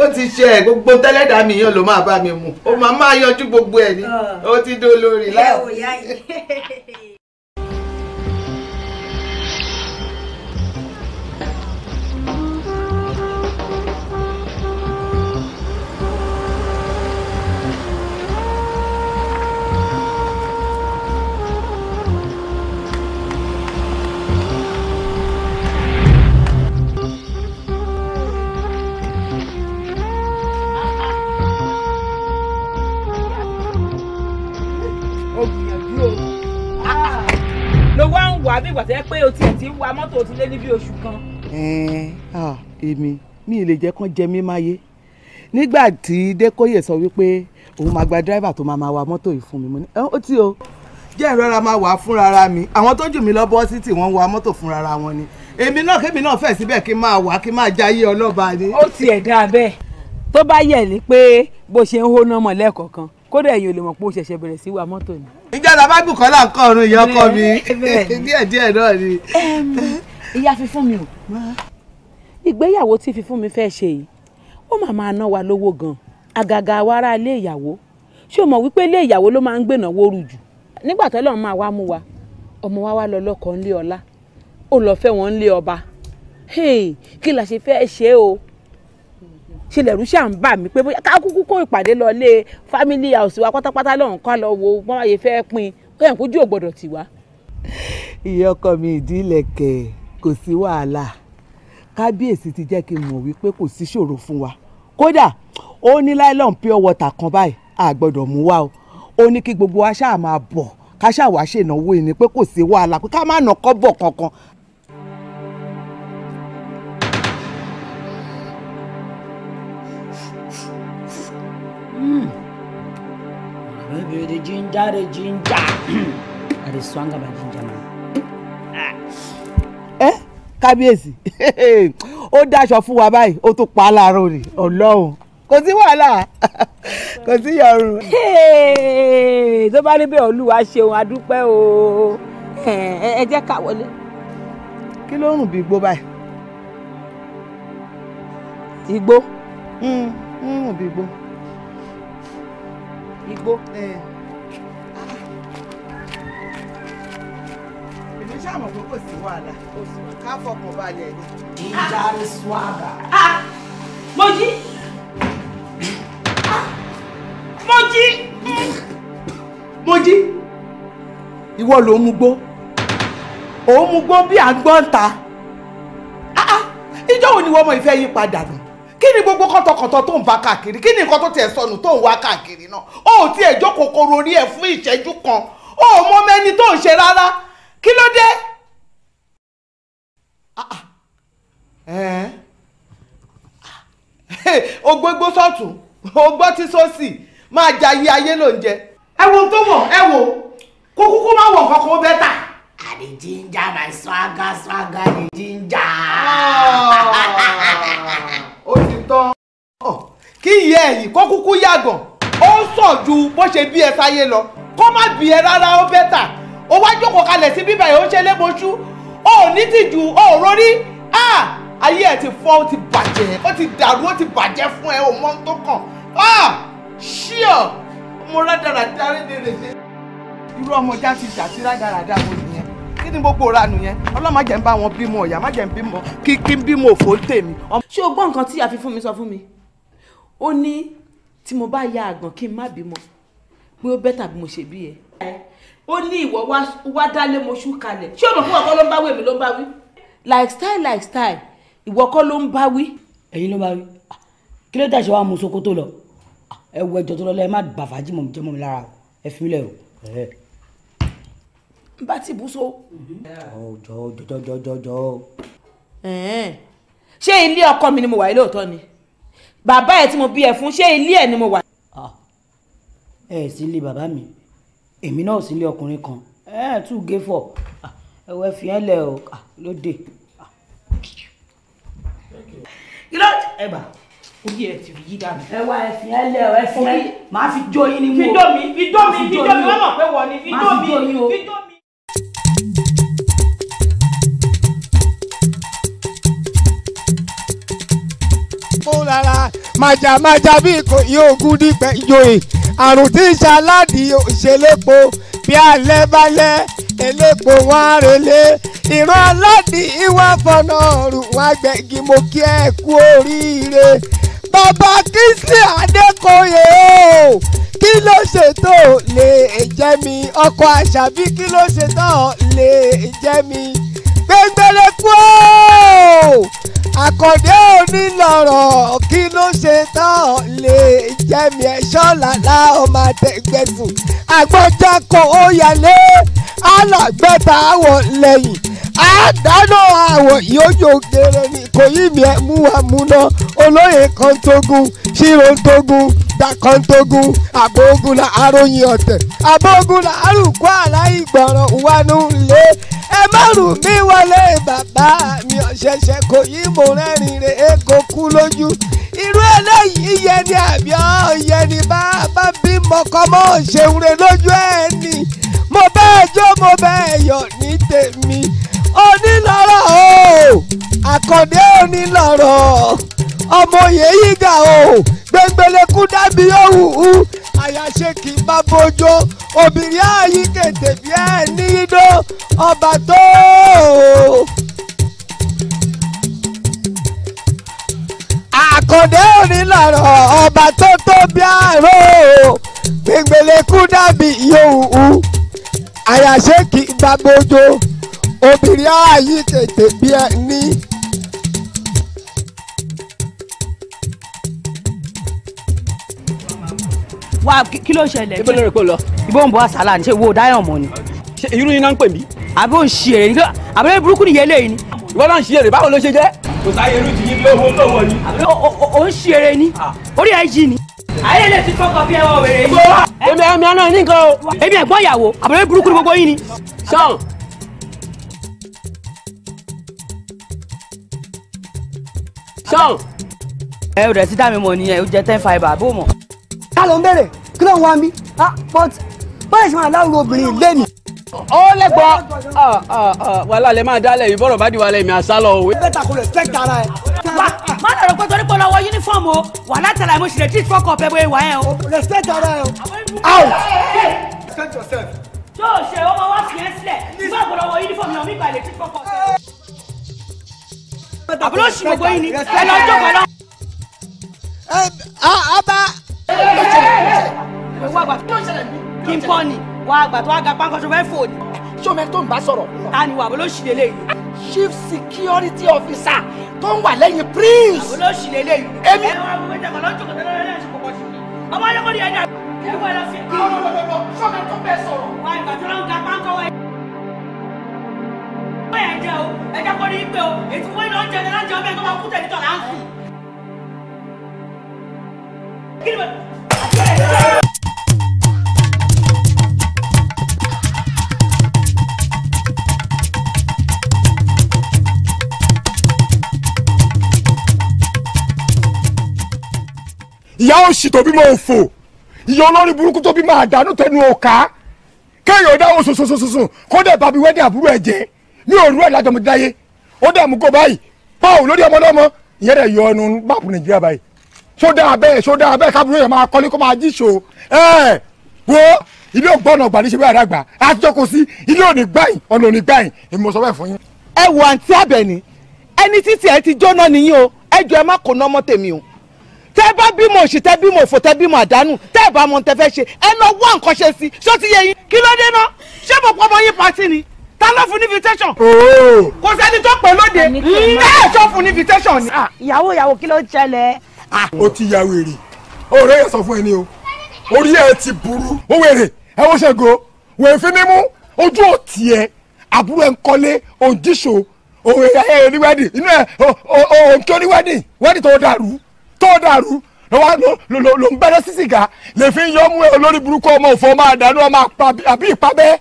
ó ti ṣe ẹ̀ gbogbo tẹ́lẹ̀dá mi yàn ló máa bá mi mu ó máa máa yanjú gbogbo ẹ̀ ni ah. ó ti dó lórí láì. wà bí ìgbà tó yẹ pé o tiẹ̀ ti ń wa mọ́tò ti lé ní bí oṣù kan. èmi mi ì lè jẹ́ kán jẹ mí máyé nígbà tí Dékóyè sọ wípé òun máa gba dírẹ́bà tó máa ma wa mọ́tò yìí fún mi mo ní ó tí o jẹ́ ìrora máa wà fúnra mi àwọn tó jù mí lọ bọ́ sí tí wọ́n ń wa mọ́tò fúnra wọn ni èmi náà kémi náà fẹ̀ síbẹ̀ kí n máa wà kí n máa jayé ọlọ́ba ni. ó tiẹ̀ dáa bẹ́ẹ̀ tó bá yẹ̀ ni pé bó ṣe ń hóná mọ̀ lẹ́ẹ̀kọ̀ọ̀kan kódà ẹ̀yin ò lè mọ̀ pé ó ṣẹ̀ṣẹ̀ bẹ̀rẹ̀ sí wa mọ́tò ni. ìjà làbágùn kan là ń kọ́ ọ̀run ìyá ọkọ mi díẹ̀ díẹ̀ náà ni. ìyá fífún mi o ìgbéyàwó tí fífún mi fẹ́ ṣe yìí ó mà máa ná wa lówó gan àgàgà wa ará ilé ìyàwó ṣé o mọ̀ wípé ilé ìyàwó ló máa ń gbènà wóoru jù nígbà tó lọ́n máa wá mú wa ọmọ wa wá lọ lọ́kọ̀ọ́ ńlé ọlá ó lọ fẹ́ wọn ńlé ọba kí la ṣe fẹ́ ṣe o ṣe lẹ̀rú ṣà ń bà mí pé bóyá kákúkú kó ìpàdé lọ lé family house wa pátápátá lọ́hùn ká lọ wo báwa yẹ fẹ́ pin bóyá nǹkan ojú ò gbọ́dọ̀ tì wá. ìyá ọkọ mi ìdílẹ̀kẹ̀ kò sí wàhálà kábíyèsí ti jẹ́ kí n mọ̀ wípé kò sí ṣòro fún wa kódà ó ní láìlọ́n pure water kan báyìí a gbọ́dọ̀ mú wá o ó ní kí gbogbo wa ṣáà máa bọ̀ ká ṣáà wá yìí ni pé kò sí wàhálà pé ká má nà kọ́ kankan Maybe the ginger, the ginger. I dey swanga my ginger man. Eh? kábíyèsí, ó dáṣọ fún wa báyìí, ó tún pa á láàárọ̀ rè, ọlọ́run. Kò sí wàhálà, kò sí yọrùn. Tó bá níbẹ̀ olúwa ṣeun, a dúpẹ́ o. Eh? jẹ́ ká wọlé. Kí ló rùn bí igbó báyìí? Igbó. Hmm, ń rùn bí igbó igbó. Eh. èmi ṣàmọ̀ pé kò sí wàhálà ká fọkàn balẹ̀ ni. ìjà mi swaga. Ah! mo jí ah! mo jí mo jí ìwọ ló ń mugbó òun mugbó bí à ń gbọ́ ń ta ìjọ́ ah, wo ni wọ́n mọ ìfẹ́ yí padà nù kí ni gbogbo kọ́tọ̀kọ̀tọ̀ tó ń bá káàkiri kí ni nǹkan tó tiẹ̀ sọnù tó ń wá káàkiri náà ó ti ẹ̀jọ́ kòkòrò orí ẹ̀ fún ìṣẹ́jú kan ó mọ mẹ́ni tó ń ṣe rárá kí ló dé. Ah, ah. o gbogbo sọ́tún o gbọ́ tí sọ́sì máa jayé ayé ló ń jẹ. ẹ wo tó wọ̀ ẹ wo kó kúkú má wọ̀ kankan ó bẹ́ tà. àdè jíjà my swagger swagger àdè jíjà. Ah. ó ti tán. kí ìyá ẹ̀yìn kó kúkú yàgàn ó sọ ju bó ṣe bí ẹ sáyé lọ kó má bí ẹ rárá ó bẹ́tà ó wá jókòó kalẹ̀ sí bíbá ó ṣe léboṣú ó ní tìjú ó rórí ayé ẹ ti fọ́ ó ti bàjẹ́ ó ti dàrú ó ti bàjẹ́ fún ẹ ò mọ́ tó kàn ṣíọ̀ mo rádaràdá rédèrèdè irú ọmọdé á ti jà sí rádaràdá mo kí ni gbogbo ra nù yẹn ọlọ́mọ jẹ́ ń bá wọn bímọ ọ̀yà má jẹ́ ń bímọ kí kí ń bímọ òfò ń tèmi. ṣé o gbọ́ nǹkan tí àfi fún mi sọ fún mi ó ní tí mo bá ya àgàn kí n má bímọ pé ó bẹ́tà bí mo ṣe bí ẹ. ó ní ìwọ wá dálé mo ṣú kalẹ̀ ṣé o mọ̀ fún ọkọ ló ń bá wí èmi ló ń bá wí. lifestyle lifestyle ìwọ kọ́ ló ń bá wí. ẹ̀yin ló bá wí kí ló dà ṣe wàá mú sokoto lọ ẹ wọ ẹjọ́ tó lọ lẹ má bàfàjì mọ jẹ mọ mi lára ẹ fi mi lẹ o n bá ti bú so. jọ jọ jọ jọ jọ. ṣé ilé ọkọ mi ni mo wà lóòótọ́ ni bàbá ẹ̀ tí mo bí ẹ fún ṣé ilé ẹ̀ ni mo wà. ẹ sí ilé bàbá mi èmi náà sí ilé ọkùnrin kan ẹ tún gé fọ ẹwẹ fi ẹ lẹ ọ lóde. kí ló ẹ bà orí ẹ ti yí dànù. ẹ wá ẹ fi ẹ lẹ ọ ẹ fi ẹ máa fi jó yín ni mo. fi dó mi fi dó mi fi dó mi wọn mọ pé wọ ni fi dó mi fi dó mi. rárá màjàmájà bí yóò gún dípẹ́ joyè àrùn tí ń ṣaláàdì òṣèlépo bí alẹ́ balẹ̀ elépo wọn á relé ìran aládì ìwà fọnà ọ̀rùn wọn àgbẹ̀gì mo kí ẹ kú oríire bàbá Kingsley Adékòyè o kí ló ṣètò lè jẹ́ mi ọkọ̀ àṣàbí kí ló ṣètò lè jẹ́ mi gbẹngbẹlẹ kú ó àkàndé òní lọ̀rọ̀ kí ló ṣe tán lè jẹ́mi ẹ̀ṣọ́ làlá ọmọ àtẹ̀gbẹ̀sùn àgbọ̀jà kò ó yálé alàgbẹ́ta àwọ̀ lẹ́yìn àdánù àwọ̀ yóò yóò kéré ni kò yí mi ẹ̀ mú wa mú ná olóyè kan tógun ṣírò tógun dakantogun abogun la aróyin ọ̀tẹ̀ abogun na arúgbó aláìgbọràn wánú lé ẹ márùn mi wọlé bàbá mi ọ̀ṣẹ̀ṣẹ̀ kò yí mo rẹ́rìn rè é kò kú lójú irú eléyìí yẹ ni àbí ọ̀yẹ ni bàbá bímọ kọ́mọ́ ṣeun lójú ẹ̀ mo bẹ́ẹ̀ jó mo bẹ́ẹ̀ yọ̀ ní tèmi onílọ́rọ̀ o àkàndé onílọ́rọ̀ ọmọ Yèyíga o gbẹngbẹlẹkú dábì òwú àyàṣe kì í bá bójó obìnrin ààyè kètè bí ẹ ní idó ọba tó. àkàndé òní lọ̀rọ̀ ọba tó tó bí àárò gbẹngbẹlẹkú dábì yòówù àyàṣe kì í bá bójó obìnrin ààyè kètè bí ẹ ní. wá kí ló ṣẹlẹ̀. ibo lórí kò lọ. ibo ń bọ àṣàlà ṣe wo dáyọ̀ mọ́ ni. ṣe irú yín náà ń pè mí. àbí ò ń ṣe èrè nígbà àbí ẹ burúkú nìyẹn lè ní. ìwọ náà ń ṣe èrè báwo ló ṣe jẹ́. kò sáyé irú ti yín bí lówó ni. ò ń ṣe èrè ni orí ẹ jí ni. ayé lè ti kọ́kọ́ fi ẹwọ́ wèrè yìí. èmi ẹ̀mí ọ̀nà ní nǹkan o. èmi ẹ̀gbọ́n ìyàwó àbí burúkú ni gbogbo yín ni. sọ́ọ̀n sọ́ọ̀n. ẹ ò rẹ̀ sí dá mi mọ̀ nìyẹn ó jẹ ten fiber bó mọ̀ ká ló ń bèrè kí ló ń wá mi but bọ́lá ìṣẹ́ máa láwùrọ̀ obìnrin lẹ́nu. ó lẹ́gbọ́ wàhálà lè máa dálẹ̀ yìí bọ́rọ̀ bá di wàhálà èmi àṣà lọ òwe. bẹ́ẹ̀ takò rẹ̀ fẹ́ tara ẹ̀. wa má lọ̀rọ̀ pé torí pé lọ́wọ́ yúnífọ́ọ̀mù o wà látara ẹ̀ mo sì lè tí ìfọ́kọ̀ ọ̀bẹ bóyá ìwà ẹ̀ o. respect ara ẹ̀ o. out. respect yourself. tó o ṣe ọmọ wa fi ẹ́ sílẹ̀ nígbà gbọ́dọ̀ wọ yúnífọ́ọ̀mù náà mi gbà lè tí ìfọ́kọ̀ ọ̀bẹ àbúrò sì gbogbo yìí ni ẹ lọ jókòó lọ. ọba chief security officer tó ń wà lẹ́yìn prince. àbó ló ṣì èmi. ẹ wá wọ ẹjẹ kan lọ́jọ́ kan sí kí wọ́n lọ fi. sọmọ tó bẹ sọ̀rọ̀. wàá gbà tó ń ga pánkọ́ wẹ̀. ọmọ ẹ̀jẹ̀ o ẹ̀jẹ̀ kọ́ni ìgbẹ́ o ètò wọ́n lọ́ọ́ jẹ ìyá òsì tó bímọ òfò ìyá olórí burúkú tó bímọ àdánù tẹnu ọ̀ka kéèyàn dáwọ́ sòsòsòsòsò kó dẹ̀ bàbí wẹ́dẹ̀ àbúrò ẹ̀ jẹ́ ní òru ẹ̀ lájọmọdáyé ó dẹ̀ mú kó báyìí pọ́ọ̀ lórí ọmọdọ́mọ ìyẹn dẹ̀ yọ ọnu báàbù nàìjíríà báyìí ṣódà abẹ́ ṣódà abẹ́ kábúrò yẹn máa kọ́lé kó máa jí ṣo ẹ wo ilé ògbọ́nà ọgbà ní ṣe bẹ́ẹ̀ àdàgbà àtijọ́kọ sí ilé òní gbàyìn ọ̀nà òní gbàyìn èmi mo sọ bẹ́ẹ̀ fún yín. ẹ wo àǹtí àbẹ̀ní ẹni títí ẹ ti jóná nìyí o ẹ jọ ẹ má kó nọmọ tèmi o tẹ bá bímọ òṣì tẹ bímọ òfò tẹ bímọ àdánù tẹ bá mọ tẹ fẹ ṣe ẹ lọ wá nǹkan ṣe sí ṣó ti yẹ yín kí ló dé náà ṣé mo pọ ọmọ yín pàtí ni ta ló fún ní invitation. kò sẹ́ni tó pẹ́ lóde ẹ ẹ̀ ṣọ́ fún invitation ni. Ah, ìyàwó ìyàwó kí ló ń ṣẹlẹ̀ ó ah, ti ya wèrè ọ̀rẹ́ yẹn sọ fún ẹni o orí ẹ ti burú ó wèrè ẹ wọ́n ṣẹ́gun wèrè fi ní mú ojú òtí ẹ àbúrò ẹ ń kọ́lé òǹdíṣò òwe ẹ ní wẹ́dì inú ẹ òǹkí ní wẹ́dì wẹ́dì tó dàrú tó dàrú ló ń bẹ̀rẹ̀ sí sìgá lè fi yọ ọmú ẹ olórí burúkú ọmọ òfò ọmọ àdánù ọmọ àbí ìpabẹ́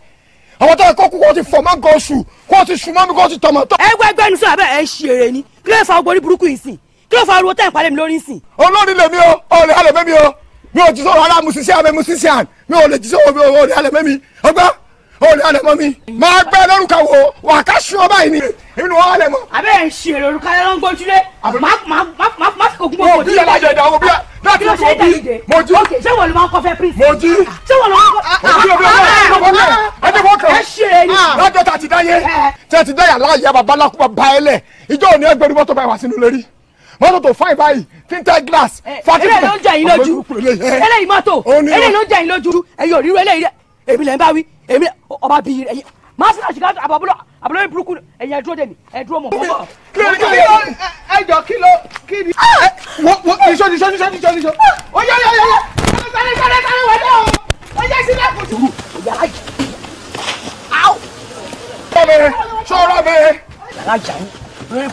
àwọn tó yẹ kó kú kó ti fọ̀ mọ́ gọ̀ọ́sù kó ti sùn mi kó ti tọmọ tọ́. ẹ gbẹ́gbẹ́ ní sọ abẹ́ ẹ ṣeré ni kí ló fà ọgbọ́n ní burúkú yìí sìn kí ló fa ariwo tẹ́ ẹ̀ palẹ̀ mi lórí nsìn. olórí lèmi o olè halẹ̀ mẹ́mi o mi ò jísọ̀ rárá musician mi musician mi ò lè jísọ̀ olè halẹ̀ mẹ́mi ọgbà olè halẹ̀ mọ́ mi. máa gbẹ lórúkọ wo wà á ká sun ọba yìí ni èmi ni wọ́n halẹ̀ mọ́. abẹ́ ẹ̀ ń ṣe èrè orúkọ ayé lọ́n gbójúlé má fi kòkun gbòòdì. bí ẹlẹ́jẹ̀ ìdá wo bí ẹ láti kò bí mo jí. ok ṣé wọn ló máa ń kọ fẹ́ prince. mo jí. ṣé wọn ló máa ń kọ. mo jí obìnrin náà ló wọlé ẹ jẹ́ fọ́ọ̀kan. ẹ ṣe é ní. Ah. lájọ tàtí dáyé eh. tàtí dáyà láàyè babaláwo bá ẹ lẹ̀ ìjọ òní ẹgbẹ̀rún mọ́tò báyìí wá sínú lérí mọ́tò tó fáìn báyìí tinted glass eh, fati fún mi. eléyìí ló ń jẹ yín lójú eh. eléyìí mọ́tò eléyìí ló ń jẹ yín lójú ẹ̀yin òríró eléyìí rẹ̀ èmi lẹ́ ń bá wí èmi ọba bíi ẹ̀yin máa sì láti ká àbábọ́lọ́ àbúrò burúkú ẹ̀yin ẹ̀dúró dèmi ẹ̀dúró mọ̀ ẹjọ kí ló kí ni. ìṣó lórí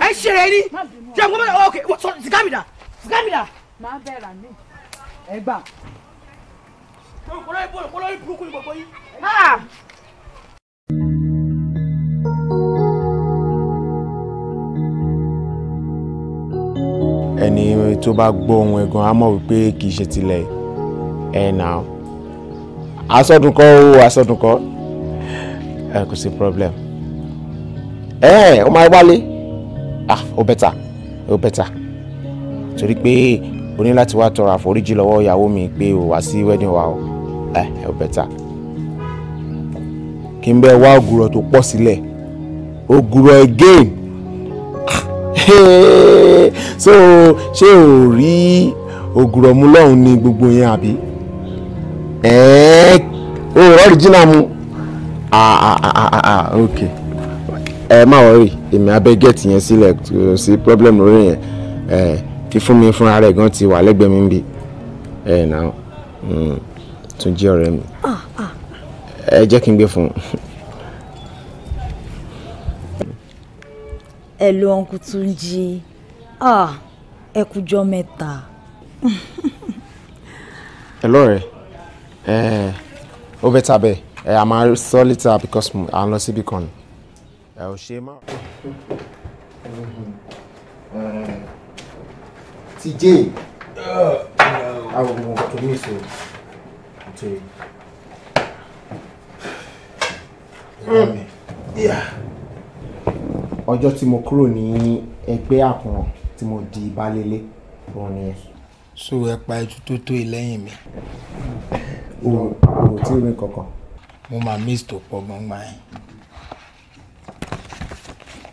ẹ ṣe rẹ ni jẹ́ kó mẹ́ta ok sikamida sikamida. máa bẹ̀rẹ̀ mi ẹ gbà. kọlọ́yìn bọ̀rọ̀ kọlọ́yìn burúkú ni gbogbo yín. ẹni tó bá gbọ́ ohun ẹ̀gàn á mọ̀ wípé kì í ṣe tilẹ̀ ẹ̀ nà ó asọ́dúnkọ́ ó asọ́dúnkọ́ ẹ kò sí problem ẹ ọ máa wálé ah ó bẹ́tà ó bẹ́tà torí pé o ní láti wá tọrọ àforíjì lọ́wọ́ ìyàwó mi pé o wá sí wedding wa o ẹ ẹ bẹ̀tà kí n bẹ wá ògùrọ̀ tó pọ̀ sílẹ̀ ògùrọ̀ again so ṣé o rí ògùrọ̀ mu lọ́hùn ní gbogbo yẹn àbí ẹ̀ẹ́ eh, o rọ́ọ̀rì jìnnà mu ah ẹ ah, ah, ah, eh, má wọrí èmi abẹ́ gẹ̀ẹ́tì yẹn sílẹ̀ sí problem lórí yẹn eh, ti fún mi fúnra rẹ̀ gan ti wà lẹ́gbẹ̀ẹ́ mi níbi ẹ nà mm, tún jí ọ̀rẹ́ mi ah, ah. ẹ jẹ́ kí n gbé fún un. ẹ lo ọ̀nkú tún jí ẹ kújọ́ mẹ́ta. ẹ lọ́rẹ̀ ẹ ó bẹ́ tà ẹ a máa sọ later because à ń lọ síbi kan ẹ ò ṣe má. TJ àwọn ọmọ tó ní ìṣòro tó yẹ. ọjọ́ tí mo kúrò ní ẹgbẹ́ àkùnràn tí mo di ìbálélé òun nìyẹn. so ẹ pa ètò tó tó ìlẹ́yìn mi. o ò tí ì rí kankan. mo máa miss tó pọ̀ gbọ̀ngbọ̀n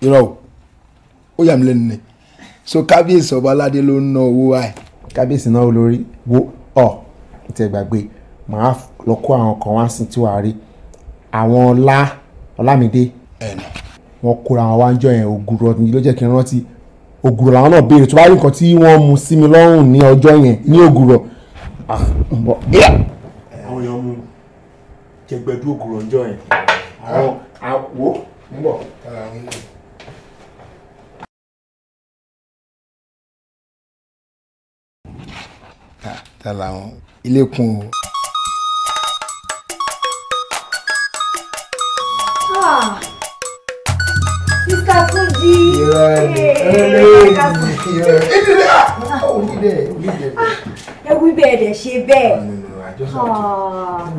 irọ́ o ó yà mí lẹ́nu ni so kábíyèsí ọba aládé ló ń ná owó wa. kábíyèsí náà olórí wo ọ ìtẹ̀ gbàgbé màá lọ kó àwọn kan wá sí tiwa rí àwọn ọlá ọlámídé wọn kóra àwọn wájọ yẹn ògùrọ ló jẹ́ kí n rántí ògùrọ̀ làwọn náà béèrè tó bá rí nǹkan tí wọ́n mu sí mi lọ́rùn ní ọjọ́ yẹn ní ògùrọ̀. Ah, àwọn èèyàn mu jẹgbẹdú ògùrọ̀ ọjọ́ yẹn àwọn àwo ń bọ̀. tara wọn ilé kún o. Mr. Ah! Tunji. Ẹ wí bẹ́ẹ̀ dẹ̀ ṣe bẹ́ẹ̀. Ah, ah.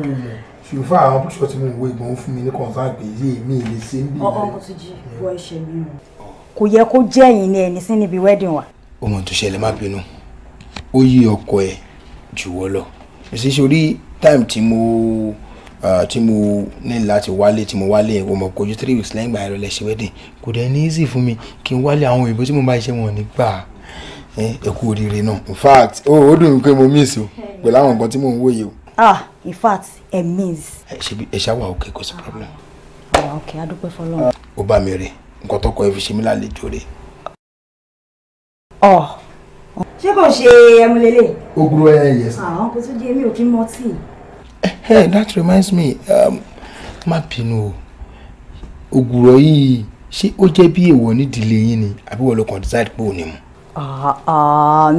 Ṣùfà àwọn púṣọ̀ tí mo wo ìgbọ̀n fún mi ní kọ̀ǹsán àgbè yìí mi ì lè ṣe ń bì. Ọkọ̀ kò tún jí wọ ẹ̀ṣẹ̀ mi o. Oh. Kò yẹ kó jẹ́ ẹ̀yin ni ẹni sí níbi wedding wa. Ohun tó ṣẹlẹ̀ má bínú, ó yí ọkọ ẹ̀ jùwọ́ lọ èsì orí time tí mo tí mo ní láti wálé tí mo wálé ẹ̀wọ̀n mọ̀ kojú three weeks lẹ́yìn ìgbà ẹ̀rọ lẹ́sẹ̀ wedding kò dẹ̀ ní easy fún mi kí n wálé àwọn òyìnbó tí mo bá iṣẹ́ wọn nígbà ẹ kú náà in fact ó ó dùn pé mo miss o pẹ̀lú àwọn nǹkan tí mò ń wòye o. ah in fact ẹ miss. ẹ ṣe bí ẹ ṣá wà òkè kò sí problem. Ah, àwa òkè adúpẹ́ fọlọ́run. ó bá mi rè nǹkan tọkọ ẹ fi ṣe mí lálejò rè. ọ̀ oh ṣé kò ṣe ẹmu ogoro ẹ yẹ. àwọn kò tún di èmi ò kí mọ tíì. Eh, eh, that reminds me um, má bínú o ogoro yìí ṣé ó jẹ́ bí èèwọ̀ nídìílé yín ni àbí wọ́n ló kàn decide pé ò ní mu.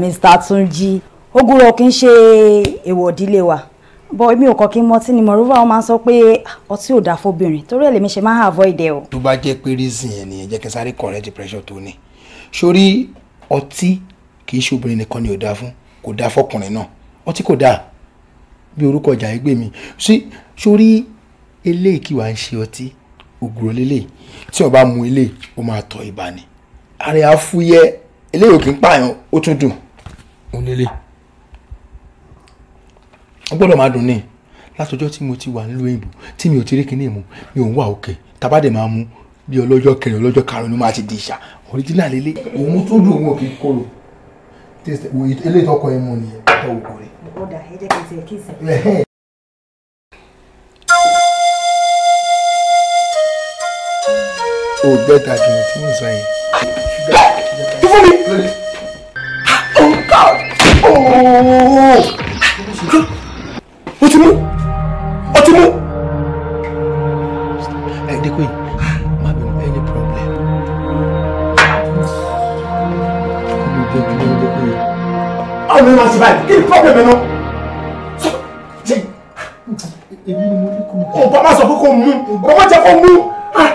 Mr. Túnjí ogoro kì í ṣe èèwọ̀ ìdílé wa bọ èmi ò kọ kí n mọtí ni moreover wọn máa ń sọ pé ah, ọtí ò dáa fóbìnrin torí ẹ lèmi ṣe máa ń avoid ẹ o. tó bá jẹ́ pé reason yẹn nìyẹn jẹ́ kí n sáré correct pressure tó ní sórí ọtí kì í ṣe obìnrin nìkan ni ò dáa fún kò dáa fọkùnrin náà ọtí kò dáa bí orúkọ ọjà yìí gbé mi sí sórí eléyìí kí wàá ń ṣe ọtí ògùrọ̀ lélẹ̀ tí o bá mu eléyìí ó máa tọ̀ ibà ni àrẹ àfúyẹ́ eléyìí kì í pààyàn ó tún dùn ó lélẹ̀ ó gbọ́dọ̀ máa dùn ní látọjọ́ tí mo ti wà nílùú èyìnbó tí mi ò ti rí kinní mu mi ò ń wà òkè tabadẹ̀ máa mu bí ọlọ́jọ́ kẹrin ọlọ́jọ́ karùn máa ti di ìṣà original lélẹ̀ òun tó dùn òun ò kì í kóró taste eléyìí tọkọ ẹ mú nìyẹn tó wò kórè. ọ̀dà ẹ jẹ́ kí n ṣe kí n ṣe. o gbẹ́ta dùn tí mo sọ yẹn. tó fún mi. oh god oh. o ti mú o ti mú. máa ṣe báyìí kí ni problem ẹ náà. èmi ni mo ní kó mú. o bá máa sọ pé kó mú o má jẹ́ kó mú. tó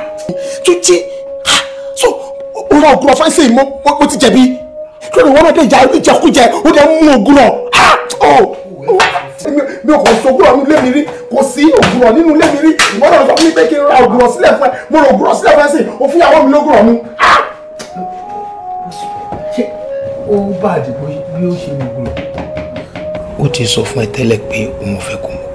so o ra ògùn ọ̀fà ṣe ìmọ̀ o ti jẹ̀bi kí ló wọ́n náà dé ìjà ìjẹkújẹ o dẹ̀ mú ògùn náà. mi ò kò so ògùn ọ̀nù lẹ́mi rí kò sí ògùn ọ̀ nínú lẹ́mi rí ìwọ́n náà sọ fún mi pé kí n ra ògùn ọ̀ sílẹ̀ fún ẹ mo ra ògùn ọ̀ sílẹ̀ fún ẹ sí òfin àwọn mi lógùn ọ̀nù ó bàjẹ́ bí ó ṣe gbogbo. ó ti sọ fún ẹ tẹ́lẹ̀ pé òun fẹ́ kó mọ̀.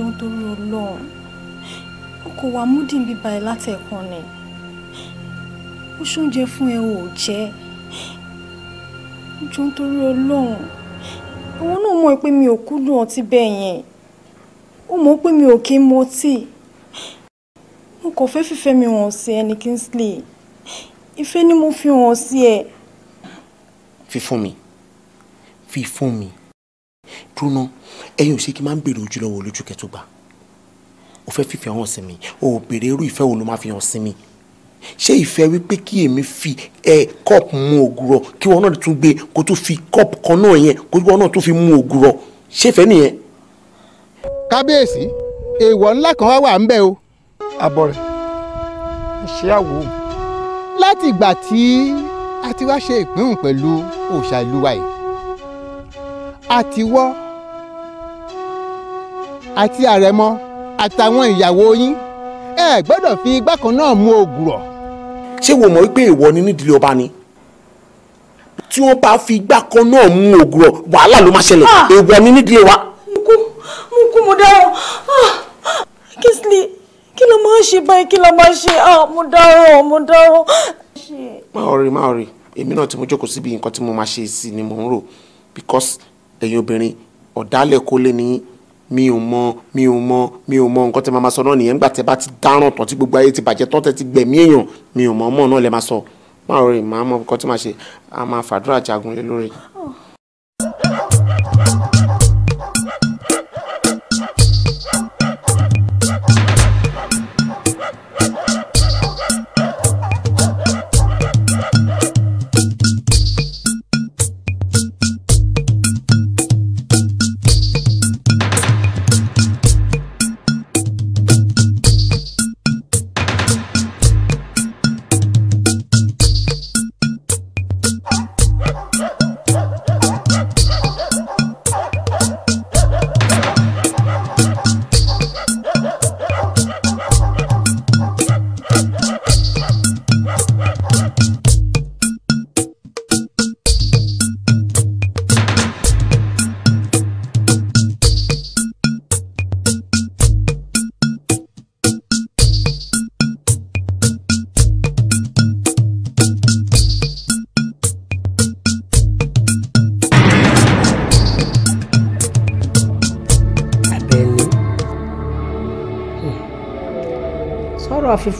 jọ ń torí ọlọ́run o kò wá múdìn bíbá ẹ látẹ̀kan ni ó ṣoúnjẹ fún ẹ ò jẹ́ jọ ń ọlọ́run àwọn náà mọ̀ pé mi ò kúndùn ọtí bẹ́ẹ̀ yẹn ó mọ̀ pé mi ò kí ń mọtí mo kàn fẹ́ fífẹ́ mi hàn sí ẹni Kingsley ìfẹ́ ni mo fi hàn sí ẹ. fífún mi fífún mi dúró náà ẹ̀yin ò ṣe kí n máa ń bèrè ojú lọ́wọ́ olójú kẹtù gbà o fẹ́ fífi hàn sí mi o ò bèrè irú ìfẹ́ wo ló máa fi hàn sí mi ṣé ìfẹ́ wípé kí èmi fi ẹ kọ́ọ̀pù mu ògùrọ̀ kí wọn náà tún gbé kó tún fi kọ́ọ̀pù kan náà yẹn kó wọn náà tún fi mu ògùrọ̀ ṣé ìfẹ́ nìyẹn. kábíyèsí èèwọ̀ ńlá kan wá wà ń bẹ̀ o. àbọ̀ rẹ̀ ń ṣe àwò. láti ìgbà tí a ti wá ṣe ìpín pẹ̀lú òòṣà ìlú wa yìí àtiwọ́ àti àrẹ̀mọ àtàwọn ìyàwó yín ẹ gbọ́dọ̀ fi igbá kan náà mú ògùrọ̀. ṣé wo mọ̀ wípé ìwọ ni nídìílé ọba ni tí wọ́n bá fi igbá kan náà mú ògùrọ̀ wàhálà ló máa ṣẹlẹ̀ ah! ìwọ ni nídìílé wa. mo kú mo kú mo dárò ah! Kingsley kí ló máa ń ṣe báyìí kí ló máa ṣe ah! mo dárò mo dárò. má ò rí má ò rí èmi náà tí mo jókòó síbi nǹkan tí mo máa ṣe sí ni mo ń rò because ẹ̀yin obìnrin ọ̀dàlẹ̀ kó lé ní mi ò mọ mi ò mọ mi ò mọ nǹkan tẹ máa ma sọ náà nìyẹn nígbà tẹ bá ti dáràn tán tí gbogbo ayé ti bàjẹ́ tán tẹ ti gbẹ̀mí èèyàn mi ò mọ ọmọ náà lẹ máa sọ máa rọrùn máa mọ nǹkan tí màá ṣe a máa fàdúrà jagun lé lórí. Oh.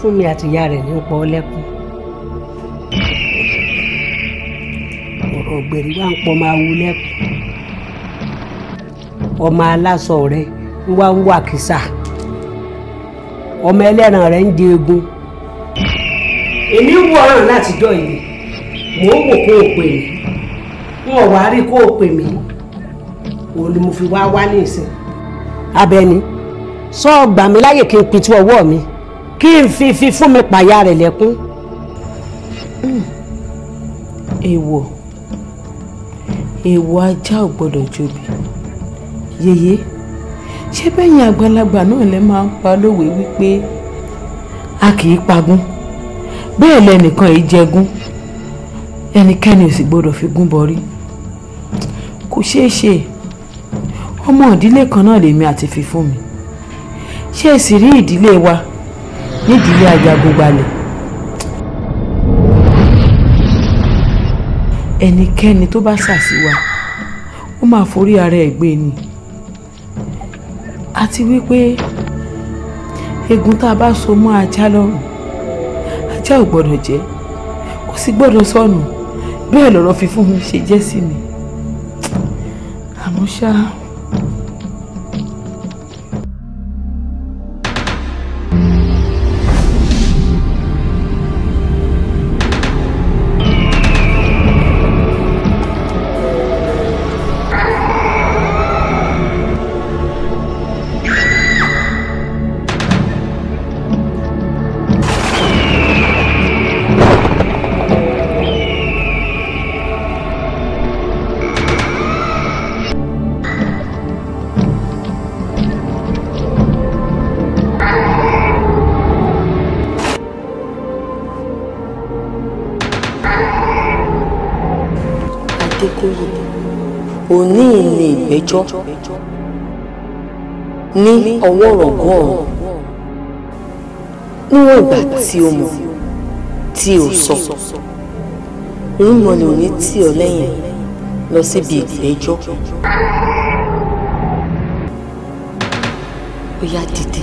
fún mi àtìyá rẹ̀ ní ọ̀pọ̀ ọlẹ́kùn. ọ̀rọ̀ ògbèrè wà ń pọ̀ máa wu lẹ́kùn. ọmọ aláṣọ rẹ̀ ń wá ń wà kìsà. ọmọ ẹlẹ́ran rẹ̀ ń di egun. èmi ń wọ̀ràn látijọ́ yìí mò ń wò kó o pè mí n ò wá rí kó o pè mí òun ni mo fi wá wá ní ìsìn. Abẹ́ni, sọ gbà mí láyè kí n pitú ọwọ́ mi. kí n fi fi fún mi pàyà rẹ̀ lẹ́kún. èèwọ̀ èèwọ̀ ajá ò gbọ́dọ̀ jobi yeye ṣé bẹ́yìn àgbàlagbà náà lẹ máa ń pa lówe wípé a kì í pagún bẹ́ẹ̀ lẹnìkan èyí jẹgún ẹnikẹ́ni ò sì gbọ́dọ̀ fi gún bọrí kò ṣeé ṣe ọmọ ìdílé kan náà lèmi àti fi fún mi ṣé ẹ sì rí ìdílé wa nídìílé ajagunbalẹ̀ ẹnikẹ́ni tó bá ṣàṣìwà ó máa forí ara ẹ̀ gbé ni àti wípé egun tá a bá so mọ́ ajá lọ́rùn ajá ò gbọ́dọ̀ jẹ́ kò sì gbọ́dọ̀ sọnù bẹ́ẹ̀ lọ̀rọ̀ fífún mi ṣe jẹ́ sí mi àmọ́ ṣáá. ìgbẹ́jọ́ ní ọwọ́ ọ̀rọ̀gún ọ̀run níwọ̀n ìgbà tí o mọ̀ tí o sọ òun mọ̀ lè ní tì ọ́ lẹ́yìn lọ síbi ìgbẹ́jọ́ ó yá dìde.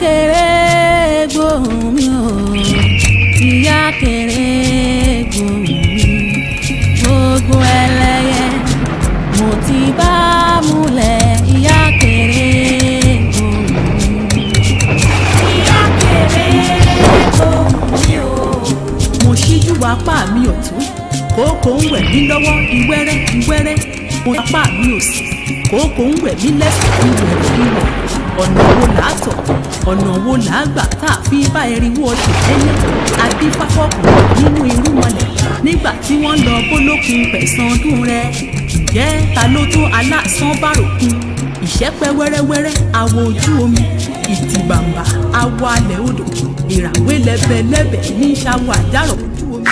kéré gbóhùn mi o ìyá kéré gbóhùn mi gbogbo ẹlẹ́yẹ mo ti bá múlẹ̀ ìyá kéré gbóhùn mi ìyá kéré gbóhùn mi o. mo ṣíjú apá mi ọ̀tún kókó ń wẹ̀ mí lọ́wọ́ ìwẹ́rẹ́ ìwẹ́rẹ́ mo apá mi òsì kókó ń wẹ̀ mí lẹ́sẹ̀ ìwẹ̀ ìwẹ̀ ọ̀nà wo làátọ̀ ọ̀nà wo là á gbà tá a fi bá eriwo ọ̀sẹ̀ tẹ́lẹ̀ adífáfọ́kùn nínú irú mọ̀lẹ̀ nígbà tí wọ́n lọ bólókun pẹ̀sán ọdún rẹ̀ ǹjẹ́ ta ló tún aláàsán bàròkun ìṣẹ́pẹ́ wẹ́rẹ́wẹ́rẹ́ àwọ ojú omi ìtìbàǹbà àwọ alẹ̀ odò ìràwé lẹ́bẹ̀lẹ́bẹ̀ ní ṣàwọ àjàrọ̀ ojú omi.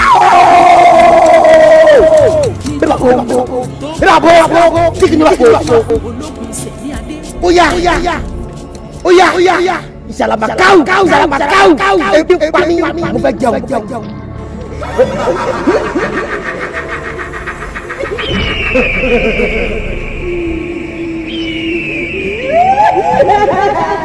ìràbọ̀ ìràbọ̀ kí ni wàá kó o yá o yá o yá o yá. Xà là bà câu Câu Xà là bà câu Câu Yêu ba miếng Một phải dòng Một phải chồng Ha ha ha!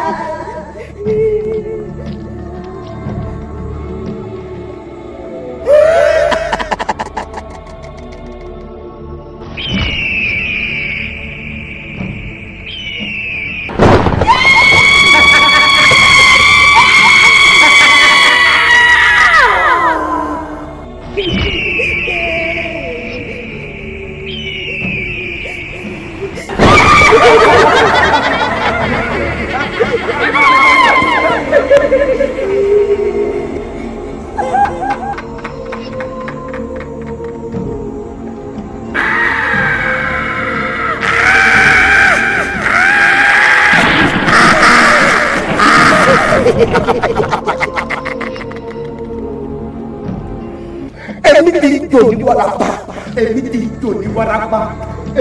èmi ti jò ní wàràpá èmi ti jò ní wàràpá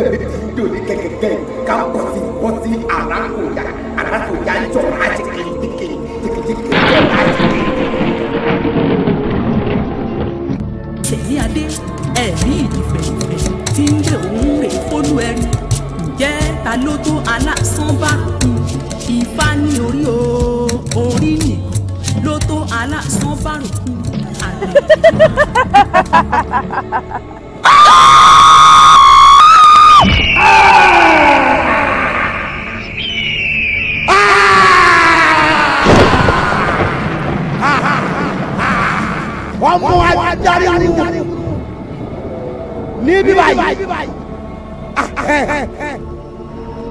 èmi ti jò ní kẹ̀kẹ́kẹ́ ká bọ́sì bọ́sì àràkòyà àràkòyà jọ àjèké jìkè jìkèjìkè jọ àjèké. ṣèyí adé ẹ̀rí ìdìfẹ̀fẹ̀ tí ń gbé òun rè fólú ẹni ǹjẹ́ ta ló tó aláṣán bá kú ifá ní orí o orí nìkan ló tó aláṣán bá rò kú wọ́n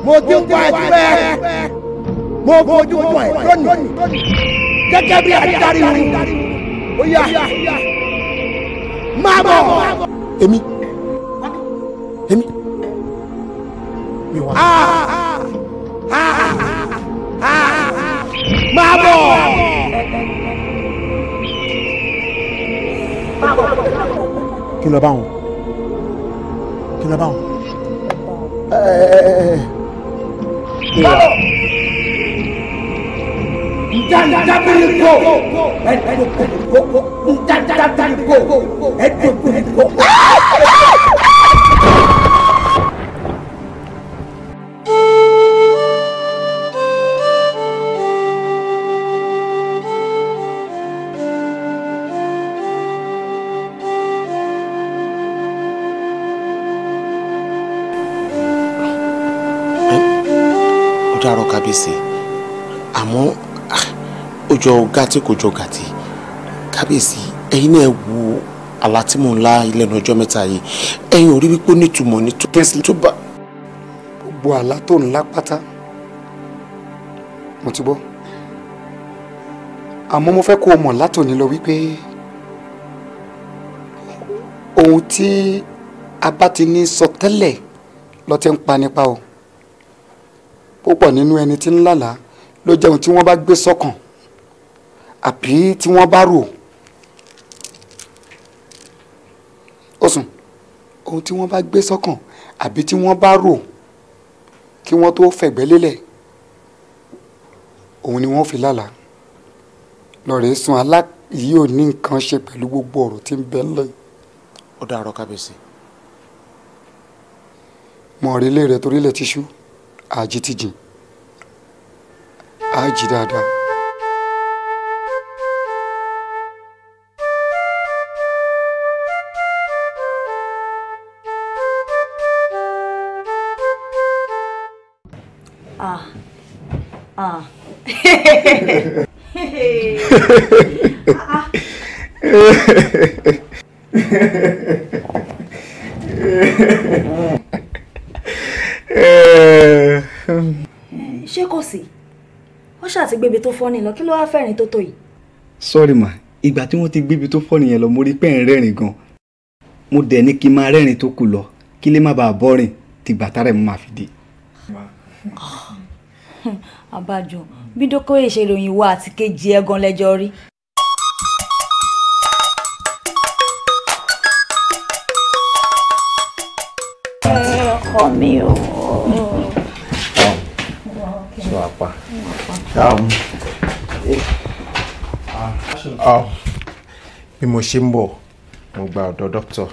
mo ti ń pa ẹtí mo fojú fún ẹ lónìí gẹ́gẹ́ bí adarí wúru ó yá máa bọ̀. èmi èmi mi wà. Ah, ah, ah, máa bọ̀. kí ló bá wọn kí ló bá wọn. Eh, eh, eh, máa bọ̀. Ndandamiriko Ndandamiriko Ndandamiriko Ndandamiriko jọ gàtí kò jọ gàtí kábíyèsí ẹ̀yin náà wo alátímù ńlá ìlẹ́nu ọjọ́ mẹ́ta yìí ẹ̀yin ò rí wípé nítumọ̀ ní tó kẹ́sì tó bá. gbogbo àlá tó ńlá pátá mo ti gbọ́ àmọ́ mo fẹ́ kó o mọ̀ látòní lọ wípé ohun tí a bá ti ní sọ tẹ́lẹ̀ lọ ti ń pa nípa o púpọ̀ nínú ẹni tí ń lálàá ló jẹun tí wọ́n bá gbé sọ́kàn àbí tí wọ́n bá rò ó sùn ohun tí wọ́n bá gbé sọ́kàn àbí tí wọ́n bá rò kí wọ́n tó fẹ̀gbẹ́ lélẹ̀ òun ni wọ́n fi lálàá lọ́ọ̀rẹ́ sùn alá yìí ò ní nǹkan ṣe pẹ̀lú gbogbo ọ̀rọ̀ tí ń bẹ ńlẹ̀. ó dàárọ̀ kábíyèsí. mọ̀ọ́rí ilé rẹ̀ torílẹ̀ tíṣú àjí ti jìn àjí dáadáa. ṣé kò sí ó ṣàti gbébi tó fọ́ ni lọ kí ló wáá fẹ́rìn tó tó yìí. sọ́ọ̀rì mà ìgbà tí wọ́n ti gbébi tó fọ́ nìyẹn lọ mo rí pẹ́ẹ́n rẹ́rìn gan mo dẹ̀ ní kí n máa rẹ́rìn tó kù lọ kí lè má bàa bọ́rìn tìgbà tára mo máa fi dé. Ah abájọ bí dókòwé ṣe ròyìn wa àti kejì ẹ gan lẹ́jọ́ rí. ọkọ mi o. ṣé wàá pa ah, ah, ah, bí mo ṣe ń bọ̀ mo gba ọ̀dọ̀ dókítà.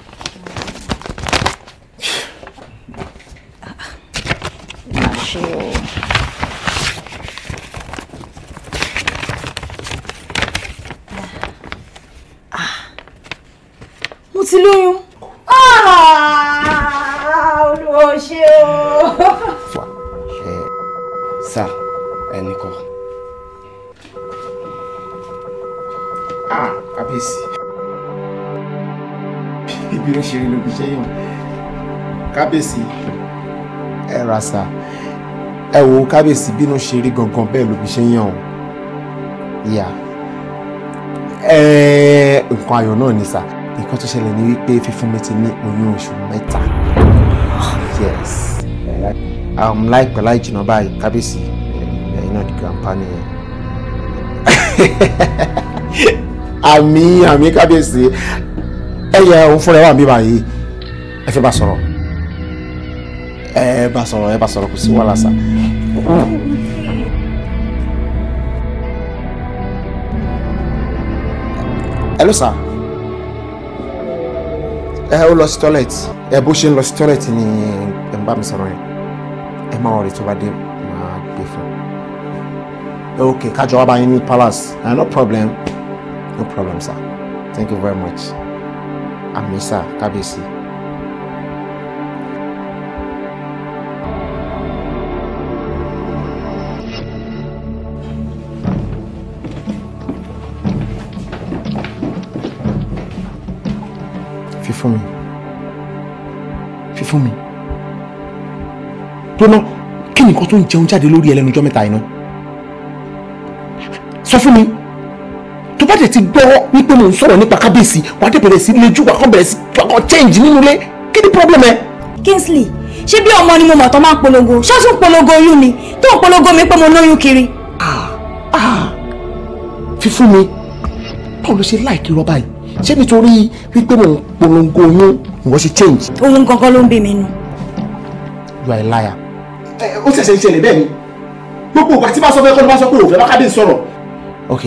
ṣe yàn kábíyèsí ẹ ra sà ẹ wo kábíyèsí bínú ṣe rí gangan bẹ́ẹ̀ ló fi ṣe yàn o yà ẹ nǹkan ayọ̀ náà ni sà nǹkan tó ṣẹlẹ̀ ni wípé fífún mi ti ní oyún oṣù mẹ́ta yes láìpẹ́ láì jìnnà báyìí kábíyèsí ẹ̀yin náà di grandpa nìyẹn àmì àmì kábíyèsí ẹ̀yà òun fúnra wà mí báyìí ẹ fẹ́ bá sọ̀rọ̀ ẹ bá sọ̀rọ̀ ẹ bá sọ̀rọ̀ kò sí wàhálà sá. hello sir ẹ ó lọ sí toilet ẹ bó ṣe ń lọ sí toilet ni ẹ ń bá mi sọ̀rọ̀ yẹn ẹ máa rọrùn tó bá dé máa gbé fún un ok kájọ wá bá yín ní palace ah, no problem no problem sir thank you very much àmì sir kábíyèsí. fún me, fi fún mi dóná kí nìkan tó ń jẹun jáde lórí ẹlẹ́nujọ́ mẹ́ta iná sọ fún mi tó bá dẹ̀ ti gbọ́ wípé mo ń sọ̀rọ̀ nípa kábíyèsí wà á dẹ̀ bẹ̀rẹ̀ sí lejú wà á kàn bẹ̀rẹ̀ sí wà á kàn change nínú ilé kí ni problem ẹ. Kingsley ṣé bí ọmọ ni mo mọ̀ tó máa ń polongo ṣọ́ọ̀tún polongo oyún ni tó ń polongo mi pé mo lóyún kiri. Ah, ah. fífún mi báwo ló ṣe láìkí rọ báyìí ṣé nítorí wípé mo ń polongo yín ìwọ ṣe change. ohun kankan ló ń bí mi nù. you are a liar. ẹ ó ṣẹ̀ṣẹ̀ ń ṣẹlẹ̀ bẹ́ẹ̀ ni gbogbo ìgbà tí bá sọ fẹ́ kọ́ ló bá sọ pé òfẹ́ bá kábíyèsí sọ̀rọ̀. ok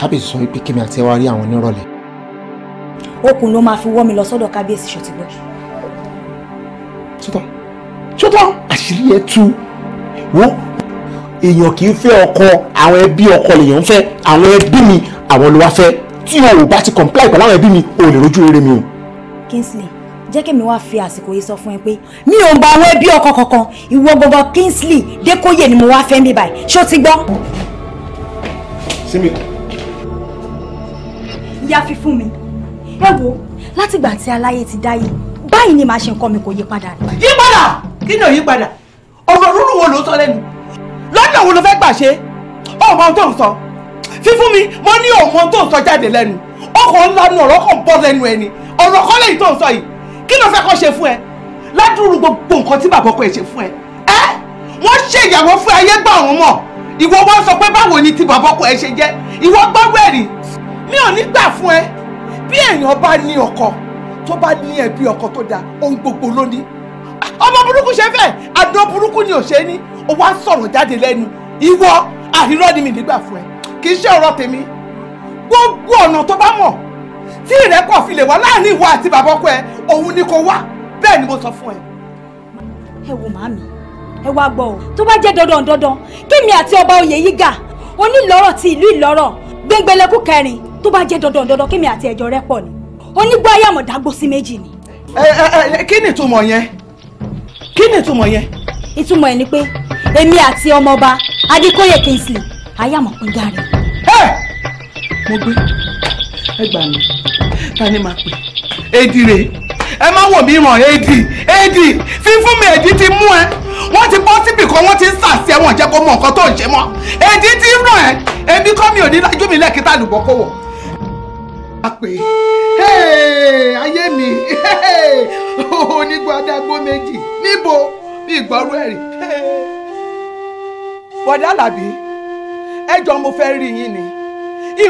kábíyèsí sọ pé kémi àti ẹwà rí àwọn onírọ̀lẹ́. okùn ló máa fi wọ́ mi lọ sọ́dọ̀ kábíyèsí ṣòtìgbọ́. sọ́tọ̀ sọ́tọ̀ àṣírí ẹ̀ tú wọ́n èèyàn kì í fẹ́ ọkọ àwọn ẹbí ọkọ lèèyàn ń fẹ́ àwọn ẹbí mi àwọn ló wá fẹ́ tí o ò bá ti comply pẹ̀lú àwọn ẹbí mi o lè rojú rere mi o. Kingsley jẹ́ kí mi wá fi àsìkò yìí sọ fún ẹ pé mi ò ń bá àwọn ẹbí ọkọ kankan ìwọ gbọgbọ Kingsley Dékóyè ni mo wá fẹ́ mi báyìí ṣé o ti gbọ́. sími. ìyá fi fún mi ẹ wo látìgbà tí aláyé ti dáyé báyìí ni màá ṣe nǹkan mi kò yí padà. yí padà kí ni ò yí padà ọ̀rọ̀ rúrú wo ló sọ lẹ́nu lọ́dọ̀ wo ló fẹ́ gbà ṣe ọ̀rọ̀ fífún mi mo ní òun tó ń sọ jáde lẹ́nu ọkàn ńlá nu ọ̀rọ̀ kan bọ́ lẹ́nu ẹni ọ̀rọ̀ kan lẹ́yìn tó ń sọ yìí kí ló fẹ́ kó ṣe fún ẹ ládùúrú gbogbo nǹkan tí bàbá ọkọ ẹ ṣe fún ẹ ẹ wọ́n ṣe ìyàwó fún ayé gbà wọ́n mọ̀ ìwọ wá sọ pé báwo ni ti bàbá ọkọ ẹ ṣe jẹ́ ìwọ gbọ́gbọ́ ẹ̀rí mi ò ní gbà fún ẹ bí èèyàn bá ní ọkọ tó bá ní ẹbí ọkọ tó dáa ohun gbogbo ló ní ọmọ burúkú ṣe fẹ́ àdán burúkú ni ò ṣe ní o wá sọ̀rọ̀ jáde lẹ́nu ìwọ àhírọ́ ni mi nígbà fún ẹ kì í ṣe ọ̀rọ̀ tèmi gbogbo ọ̀nà tó bá mọ̀ tí ìrẹ́pọ̀ fi lè wá láàrin ìwọ àti bàbá ọkọ ẹ òun ni kò wá bẹ́ẹ̀ ni mo sọ fún ẹ. ẹ wo màámi ẹ wá gbọ́ o tó bá jẹ́ dandan dandan kémi àti ọba oyè yìí gà onílọ́rọ̀ ti ìlú ìlọ́rọ̀ gbẹngbẹlẹ́kù kẹrin tó bá jẹ́ dandan dandan kémi àti ẹ̀jọ̀ rẹ pọ̀ ni onígbọ́ ayé àmọ̀dágbó sí méjì ni. ẹ ẹ kí ni ìtumọ̀ yẹn kí ni ìtumọ̀ yẹn. ìtumọ̀ ẹ̀ ni pé èmi àti ọmọọba adékóyè kingsley ayámọ̀ pín gàrí. mo gbé ẹ gbà mí ta ni màá pè éèdì rèé ẹ má wò mí ràn éèdì éèdì fífún mi èdè ti mú ẹ wọ́n ti bọ́ síbì kan wọ́n ti ń sàṣẹ wọn jẹ́ kó mọ nǹkan tó ń ṣe mọ́ èdè ti ràn ẹ́ èmi kọ́ mi ò ní lájú mi lẹ́kìtà lùbọ́ kó wọ̀ pé ayé mi onígbàdágbó méjì níbo bí ìgbọ́rú ẹ̀rí bọ̀dá làbí ẹjọ́ mo fẹ́ rí yín ni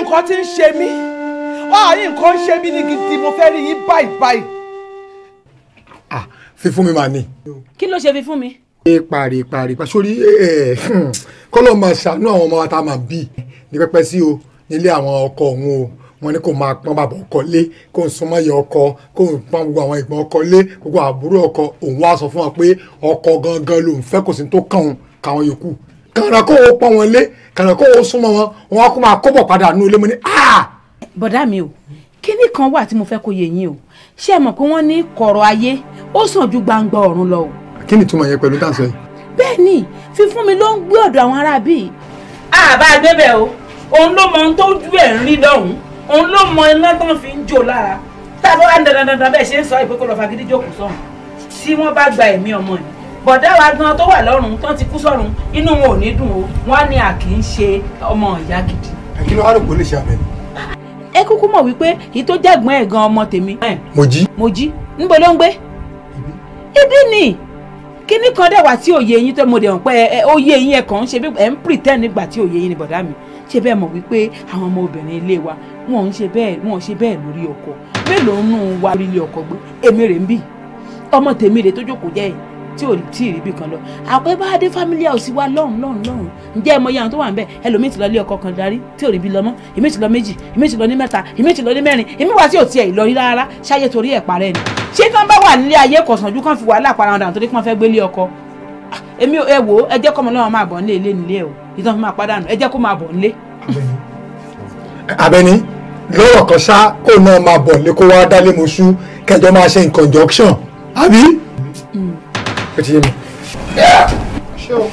nǹkan tí ń ṣe mí nǹkan ṣe mí ni gidi mo fẹ́ rí yín báyìí báyìí. ah fífún mi máa ní. kí ló ṣe fífún mi. ẹ parí parí parí sórí ẹ hmm, kọ́lọ́ máa ṣàánú àwọn ọmọ wa tá a máa bí ní pẹ́pẹ́ sí o nílé àwọn ọkọ òun o wọ́n ní kó máa pọ́n bàbá ọkọ lé kó n súnmọ́ ìyá ọkọ kó n pọ́n gbogbo àwọn ìgbọ́n ọkọ lé gbogbo àbúrò ọkọ òun wá sọ fún wa pé ọkọ gangan lòun fẹ́ kò sí tó kàn òun káwọn yòókù kàrà kó o pọ̀ wọn lé kàrà kó o súnmọ́ wọn wọn á kó máa kó bọ̀ padà nù ilé mo ní. Ah! bọ̀dá mi o kíní kan wà tí mo fẹ́ kó yé yín o ṣé ẹ mọ̀ pé wọ́n ní kọ̀rọ̀ ayé ó sàn ju gbangba ọ̀run lọ o. kí ni ìtumọ̀ yẹn pẹ̀lú dáǹsọ yìí. bẹ́ẹ̀ ni fífún mi ló ń gbé ọ̀dọ̀ àwọn ará bíi. àbá gbẹ́bẹ̀ o òun ló mọ ohun tó ju ẹ̀ ń rí lọ́hùn-ún òun ló mọ iná tán fi ń lára tá a bá wà dandandandan bẹ́ẹ̀ ṣe ń sọ ìpínkọ́ lọ́ọ́ fagídí jókòó sọ̀hún tí wọ́n bá gba ẹ̀mí ọmọ yìí bọ̀dá wa gan tó wà lọ́rùn tó ti kú sọ́run inú wọn ò ní dùn o wọn á ní à kì í ṣe ọmọ ìyá gidi. kí ló wá rò pé ó lè ṣe abẹ ni. ẹ kúkú mọ̀ wípé èyí tó jẹ́gbọ́n ẹ̀ gan ọmọ tèmi. mo jí. mo jí níbo ló ń gbé. ibi ni kíní kan dẹ̀ wá tí òye yín tó mo dẹ̀ hàn pé òye yín ẹ̀ kàn ń ṣe bí ẹ̀ ń pretend nígbà tí òye yín ni bọ̀dá mi ṣe bẹ́ẹ̀ mọ̀ wípé àwọn ọmọ obìnrin ilé wa wọn ń ṣe bẹ́ẹ̀ wọn ń ṣe bẹ́ẹ̀ lórí ọkọ mélòó nù wá lórí ilé ọkọ gbé èmi rè ń bì ọmọ tèmi rè tó jókòó jẹ́ yìí tí ò tí ì ríbi kan lọ àpébá adé family house wa lọ́rùn lọ́rùn lọ́rùn ǹjẹ́ ẹ mọ iye àwọn tó wà ń bẹ̀ ẹlòmíì ti lọ ilé ọkọ kan darí tí ò ríbi lọ mọ́ èmi ti lọ méjì èmi ti lọ ní mẹ́ta èmi ti lọ ní mẹ́rin èmi wá tí ò tiẹ̀ ìlọrí rárá ṣáyé torí ẹ̀ parẹ́ ni ṣé tí wọ́n bá wà nílé ayé kọ̀sán ju kán fi wàhálà para wọn dànù torí kí wọ́n fẹ́ gbélé ọkọ ah, èmi ẹ wò ó ẹ jẹ́ kọ́mọ náà máa bọ̀ nílé ilé nílé o ìtàn fi máa pàdánù ẹ jẹ́ kó máa bọ̀ nílé. Àbẹ̀ní lọ́rọ̀ kan ṣá kó náà máa bọ̀ ní kó wá dálé mọ́ṣú kẹjọ máa ṣe àbí. Hmm ó ti yé mi. ṣé o.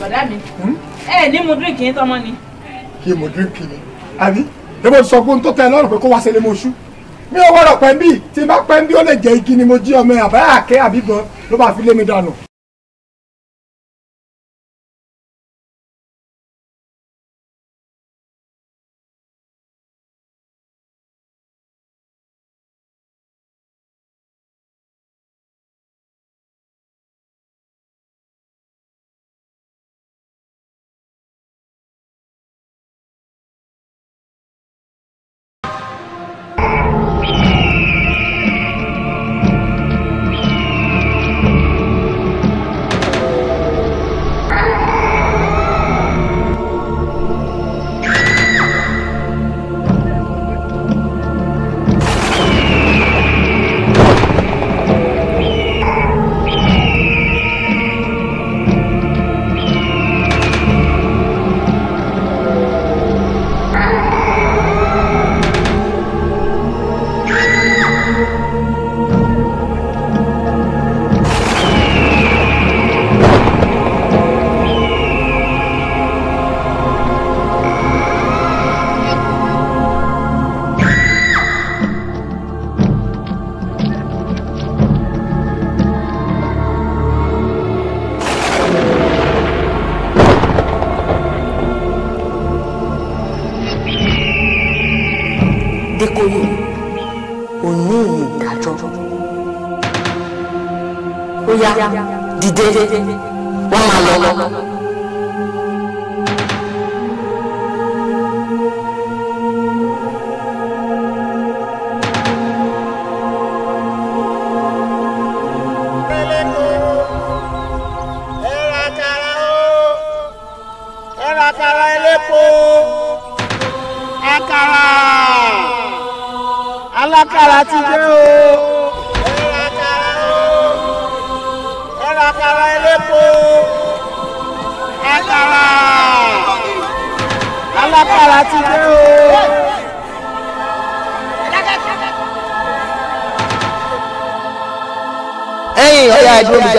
bọ̀dá mi hmm? ẹ ní mo drink yín tọmọ ni. kí mo drink ni àbí lẹ́mọ̀ sọ pé n tó tẹ ẹ lọ́rùn pé kó wá ṣẹlẹ̀ mọ́ṣú mi ò wọ́rọ̀ pẹ́ńbì tí n bá pẹ́ńbì ó lè jẹ́ igi ni mo jí ọmọ ẹ̀ àbáyà àkẹ́ àbí gan ló bá fi lé mi dànù.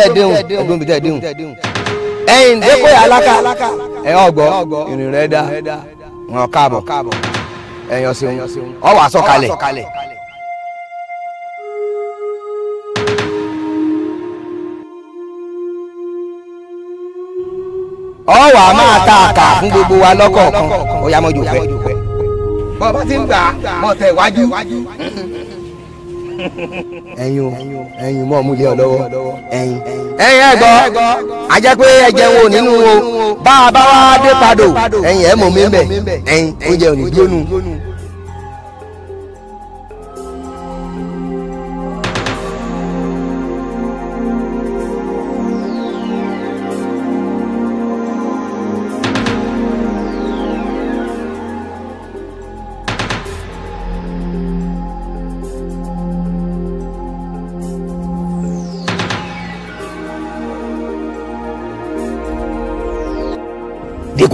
tẹ́ bí tẹ́ déhùn dẹ́kọ̀ yà lákà ẹ̀ ọgbọ ìrìn rẹ̀ dá wọn káàbọ̀ ẹ̀yìn ọ̀sìn ọwọ́ àsọkalẹ̀. ọwọ́ a máa ta àkà fún gbogbo wa ó yá ẹyin ẹyin mọ́ ọmúlẹ̀ ọ lọ́wọ́ ẹyin. ẹyin ẹgbọ́ a pé ẹ̀jẹ̀ wo nínú wo bá a bá wá dé padò ẹyin ẹ̀ mọ̀ mí bẹ̀ ẹyin oúnjẹ ò ní gbónú.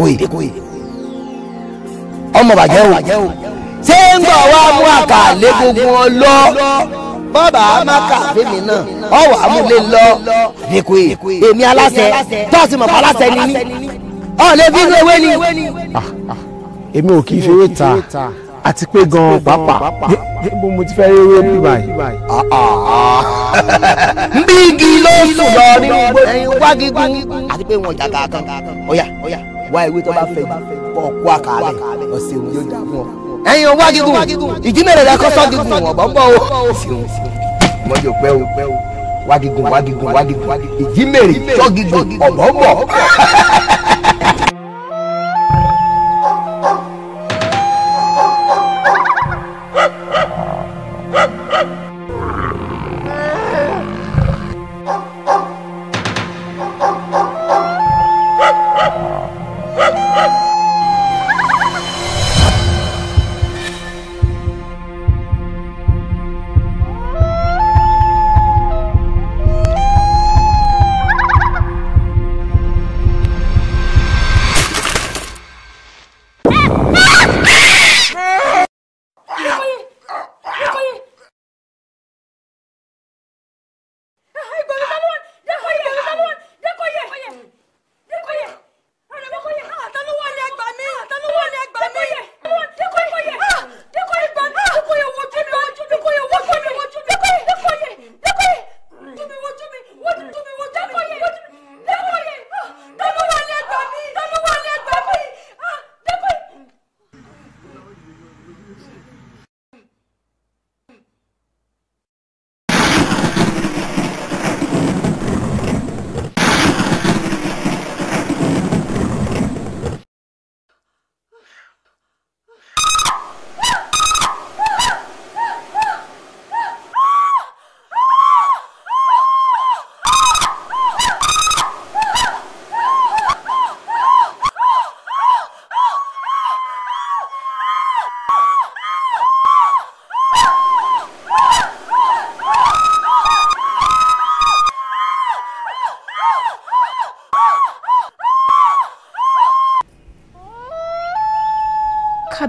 èkó yìí ọmọ bàjẹ́ o ṣé ń bọ̀ wá mú àkà lẹ́gbọ̀gbọ̀n lọ bọ́ọ̀bà amáka fèmí náà ọ̀wọ̀ àmúlé lọ èkó yìí èmi aláṣẹ tọ́sí mọ̀pá aláṣẹ ni mí ọ̀ lè bí inú ewé ni. Ah, ah. èmi ò kì í fi ewé ta àti pé gan pàápàá bó mo ti fẹ́ rí ewé bí báyìí. nbí ah, igi ló sùn lọ nínú igbó ẹyin wágigun àti pé wọn jàgà kan ọ̀yà ọ̀yà wá ewé tó bá fẹ́ kọ́ ọkọ àkàlẹ̀ ọ̀sẹ̀ òun yóò dà fún ọ. ẹyin ọwọ́ gígùn ìdí mẹ́rẹ̀ rẹ kọ́sọ́ gígùn ọ̀bọ̀ ń bọ̀ o. mo yóò pẹ́ o wá gígùn wá gígùn wá gígùn ìdí mẹ́rẹ̀ sọ́ gígùn ọ̀bọ̀ ń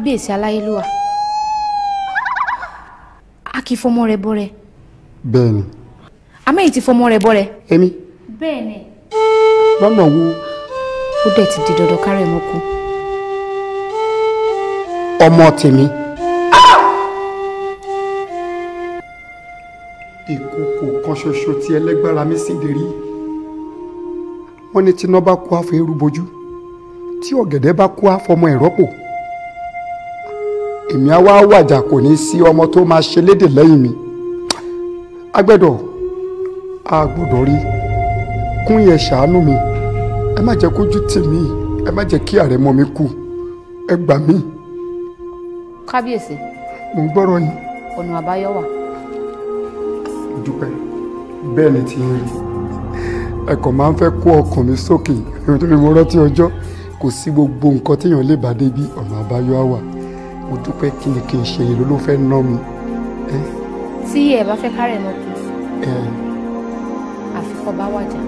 kábíyèsí aláyélúwà a kì í fọmọ rẹ bọrẹ. bẹ́ẹ̀ni. amẹ́yìí ti fọmọ rẹ bọrẹ. èmi. bẹ́ẹ̀ni. lọ́nà wo. ó dẹ̀ ti di dandan kárẹ̀ mọ́ kú. ọmọ tèmi. ìkòkò kan ṣoṣo tí ẹlẹ́gbára mi sì dé rí wọ́n ní tí iná bá kú àfọ erúbojú tí ọ̀gẹ̀dẹ̀ bá kú àfọmọ ẹ̀rọ́pò. E èmi á wá wàjà kò ní sí ọmọ tó máa ṣe lédè lẹ́yìn mi agbẹ́dọ̀ a gbọ́dọ̀ rí kún yẹn ṣàánú mi ẹ má jẹ́ kójú tì mí ẹ má jẹ́ kí àrẹ̀mọ mi kú ẹ gbà mí. kábíyèsí. mo ń gbọ́rọ̀ yín. ọ̀nà àbáyọ wà. dúpẹ́ bẹ́ẹ̀ ni ti ń rí ẹ máa ń fẹ́ kó ọkàn mi sókè nítorí mo rántí ọjọ́ kò sí gbogbo nǹkan téèyàn lè bá débi ọ̀nà àbáyọ wà mo dúpẹ́ kí ni kí n ṣe èlò ló fẹ́ ná mi. tí ẹ bá fẹ́ kárẹ̀ mọ́tò àfikọ́ bá wàjà.